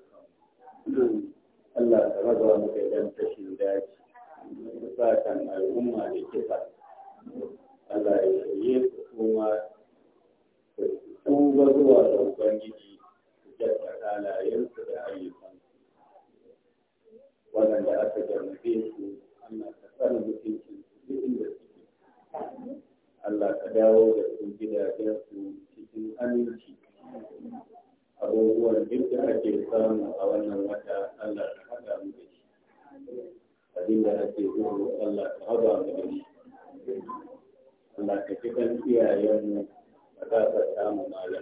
kanmu Allah ta raba mu da dan tashin daji sa kan al'umma da kisa Allah ya shirye su kuma tuba zuwa ga Ubangiji su jadda halayensu da ayyukansu waɗanda aka jarrabe su Allah ta tsara mutuncin su duk inda suke Allah ka dawo da su gidajensu cikin aminci abubuwan duk da ake samu a wannan wata Allah ka haɗa mu da shi abin da ake tsoro Allah ka haɗa mu da shi Allah ka ji kan iyayenmu ka sa ka samu mu da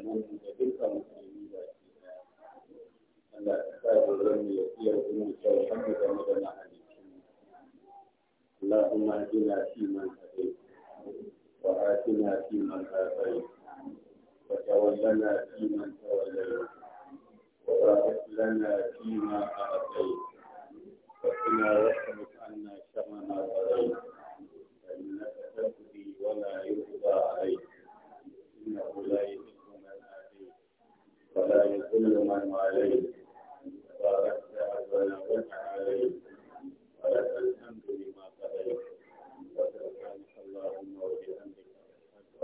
dukkan musulmi ba shi Allah ka sa mu ya iya gudu kyau har mu game da mahalicci Allahumma ajina fi man hadayt وآتنا فيمن آتيت وتولنا فيمن توليت وبارك لنا فيما آتيت وقنا واصرف عنا شر ما قضيت فإنك تقضي ولا يقضى عليك إنه لا يذل من آتيت ولا يذل من واليت تباركت أبدا وتعاليت ولك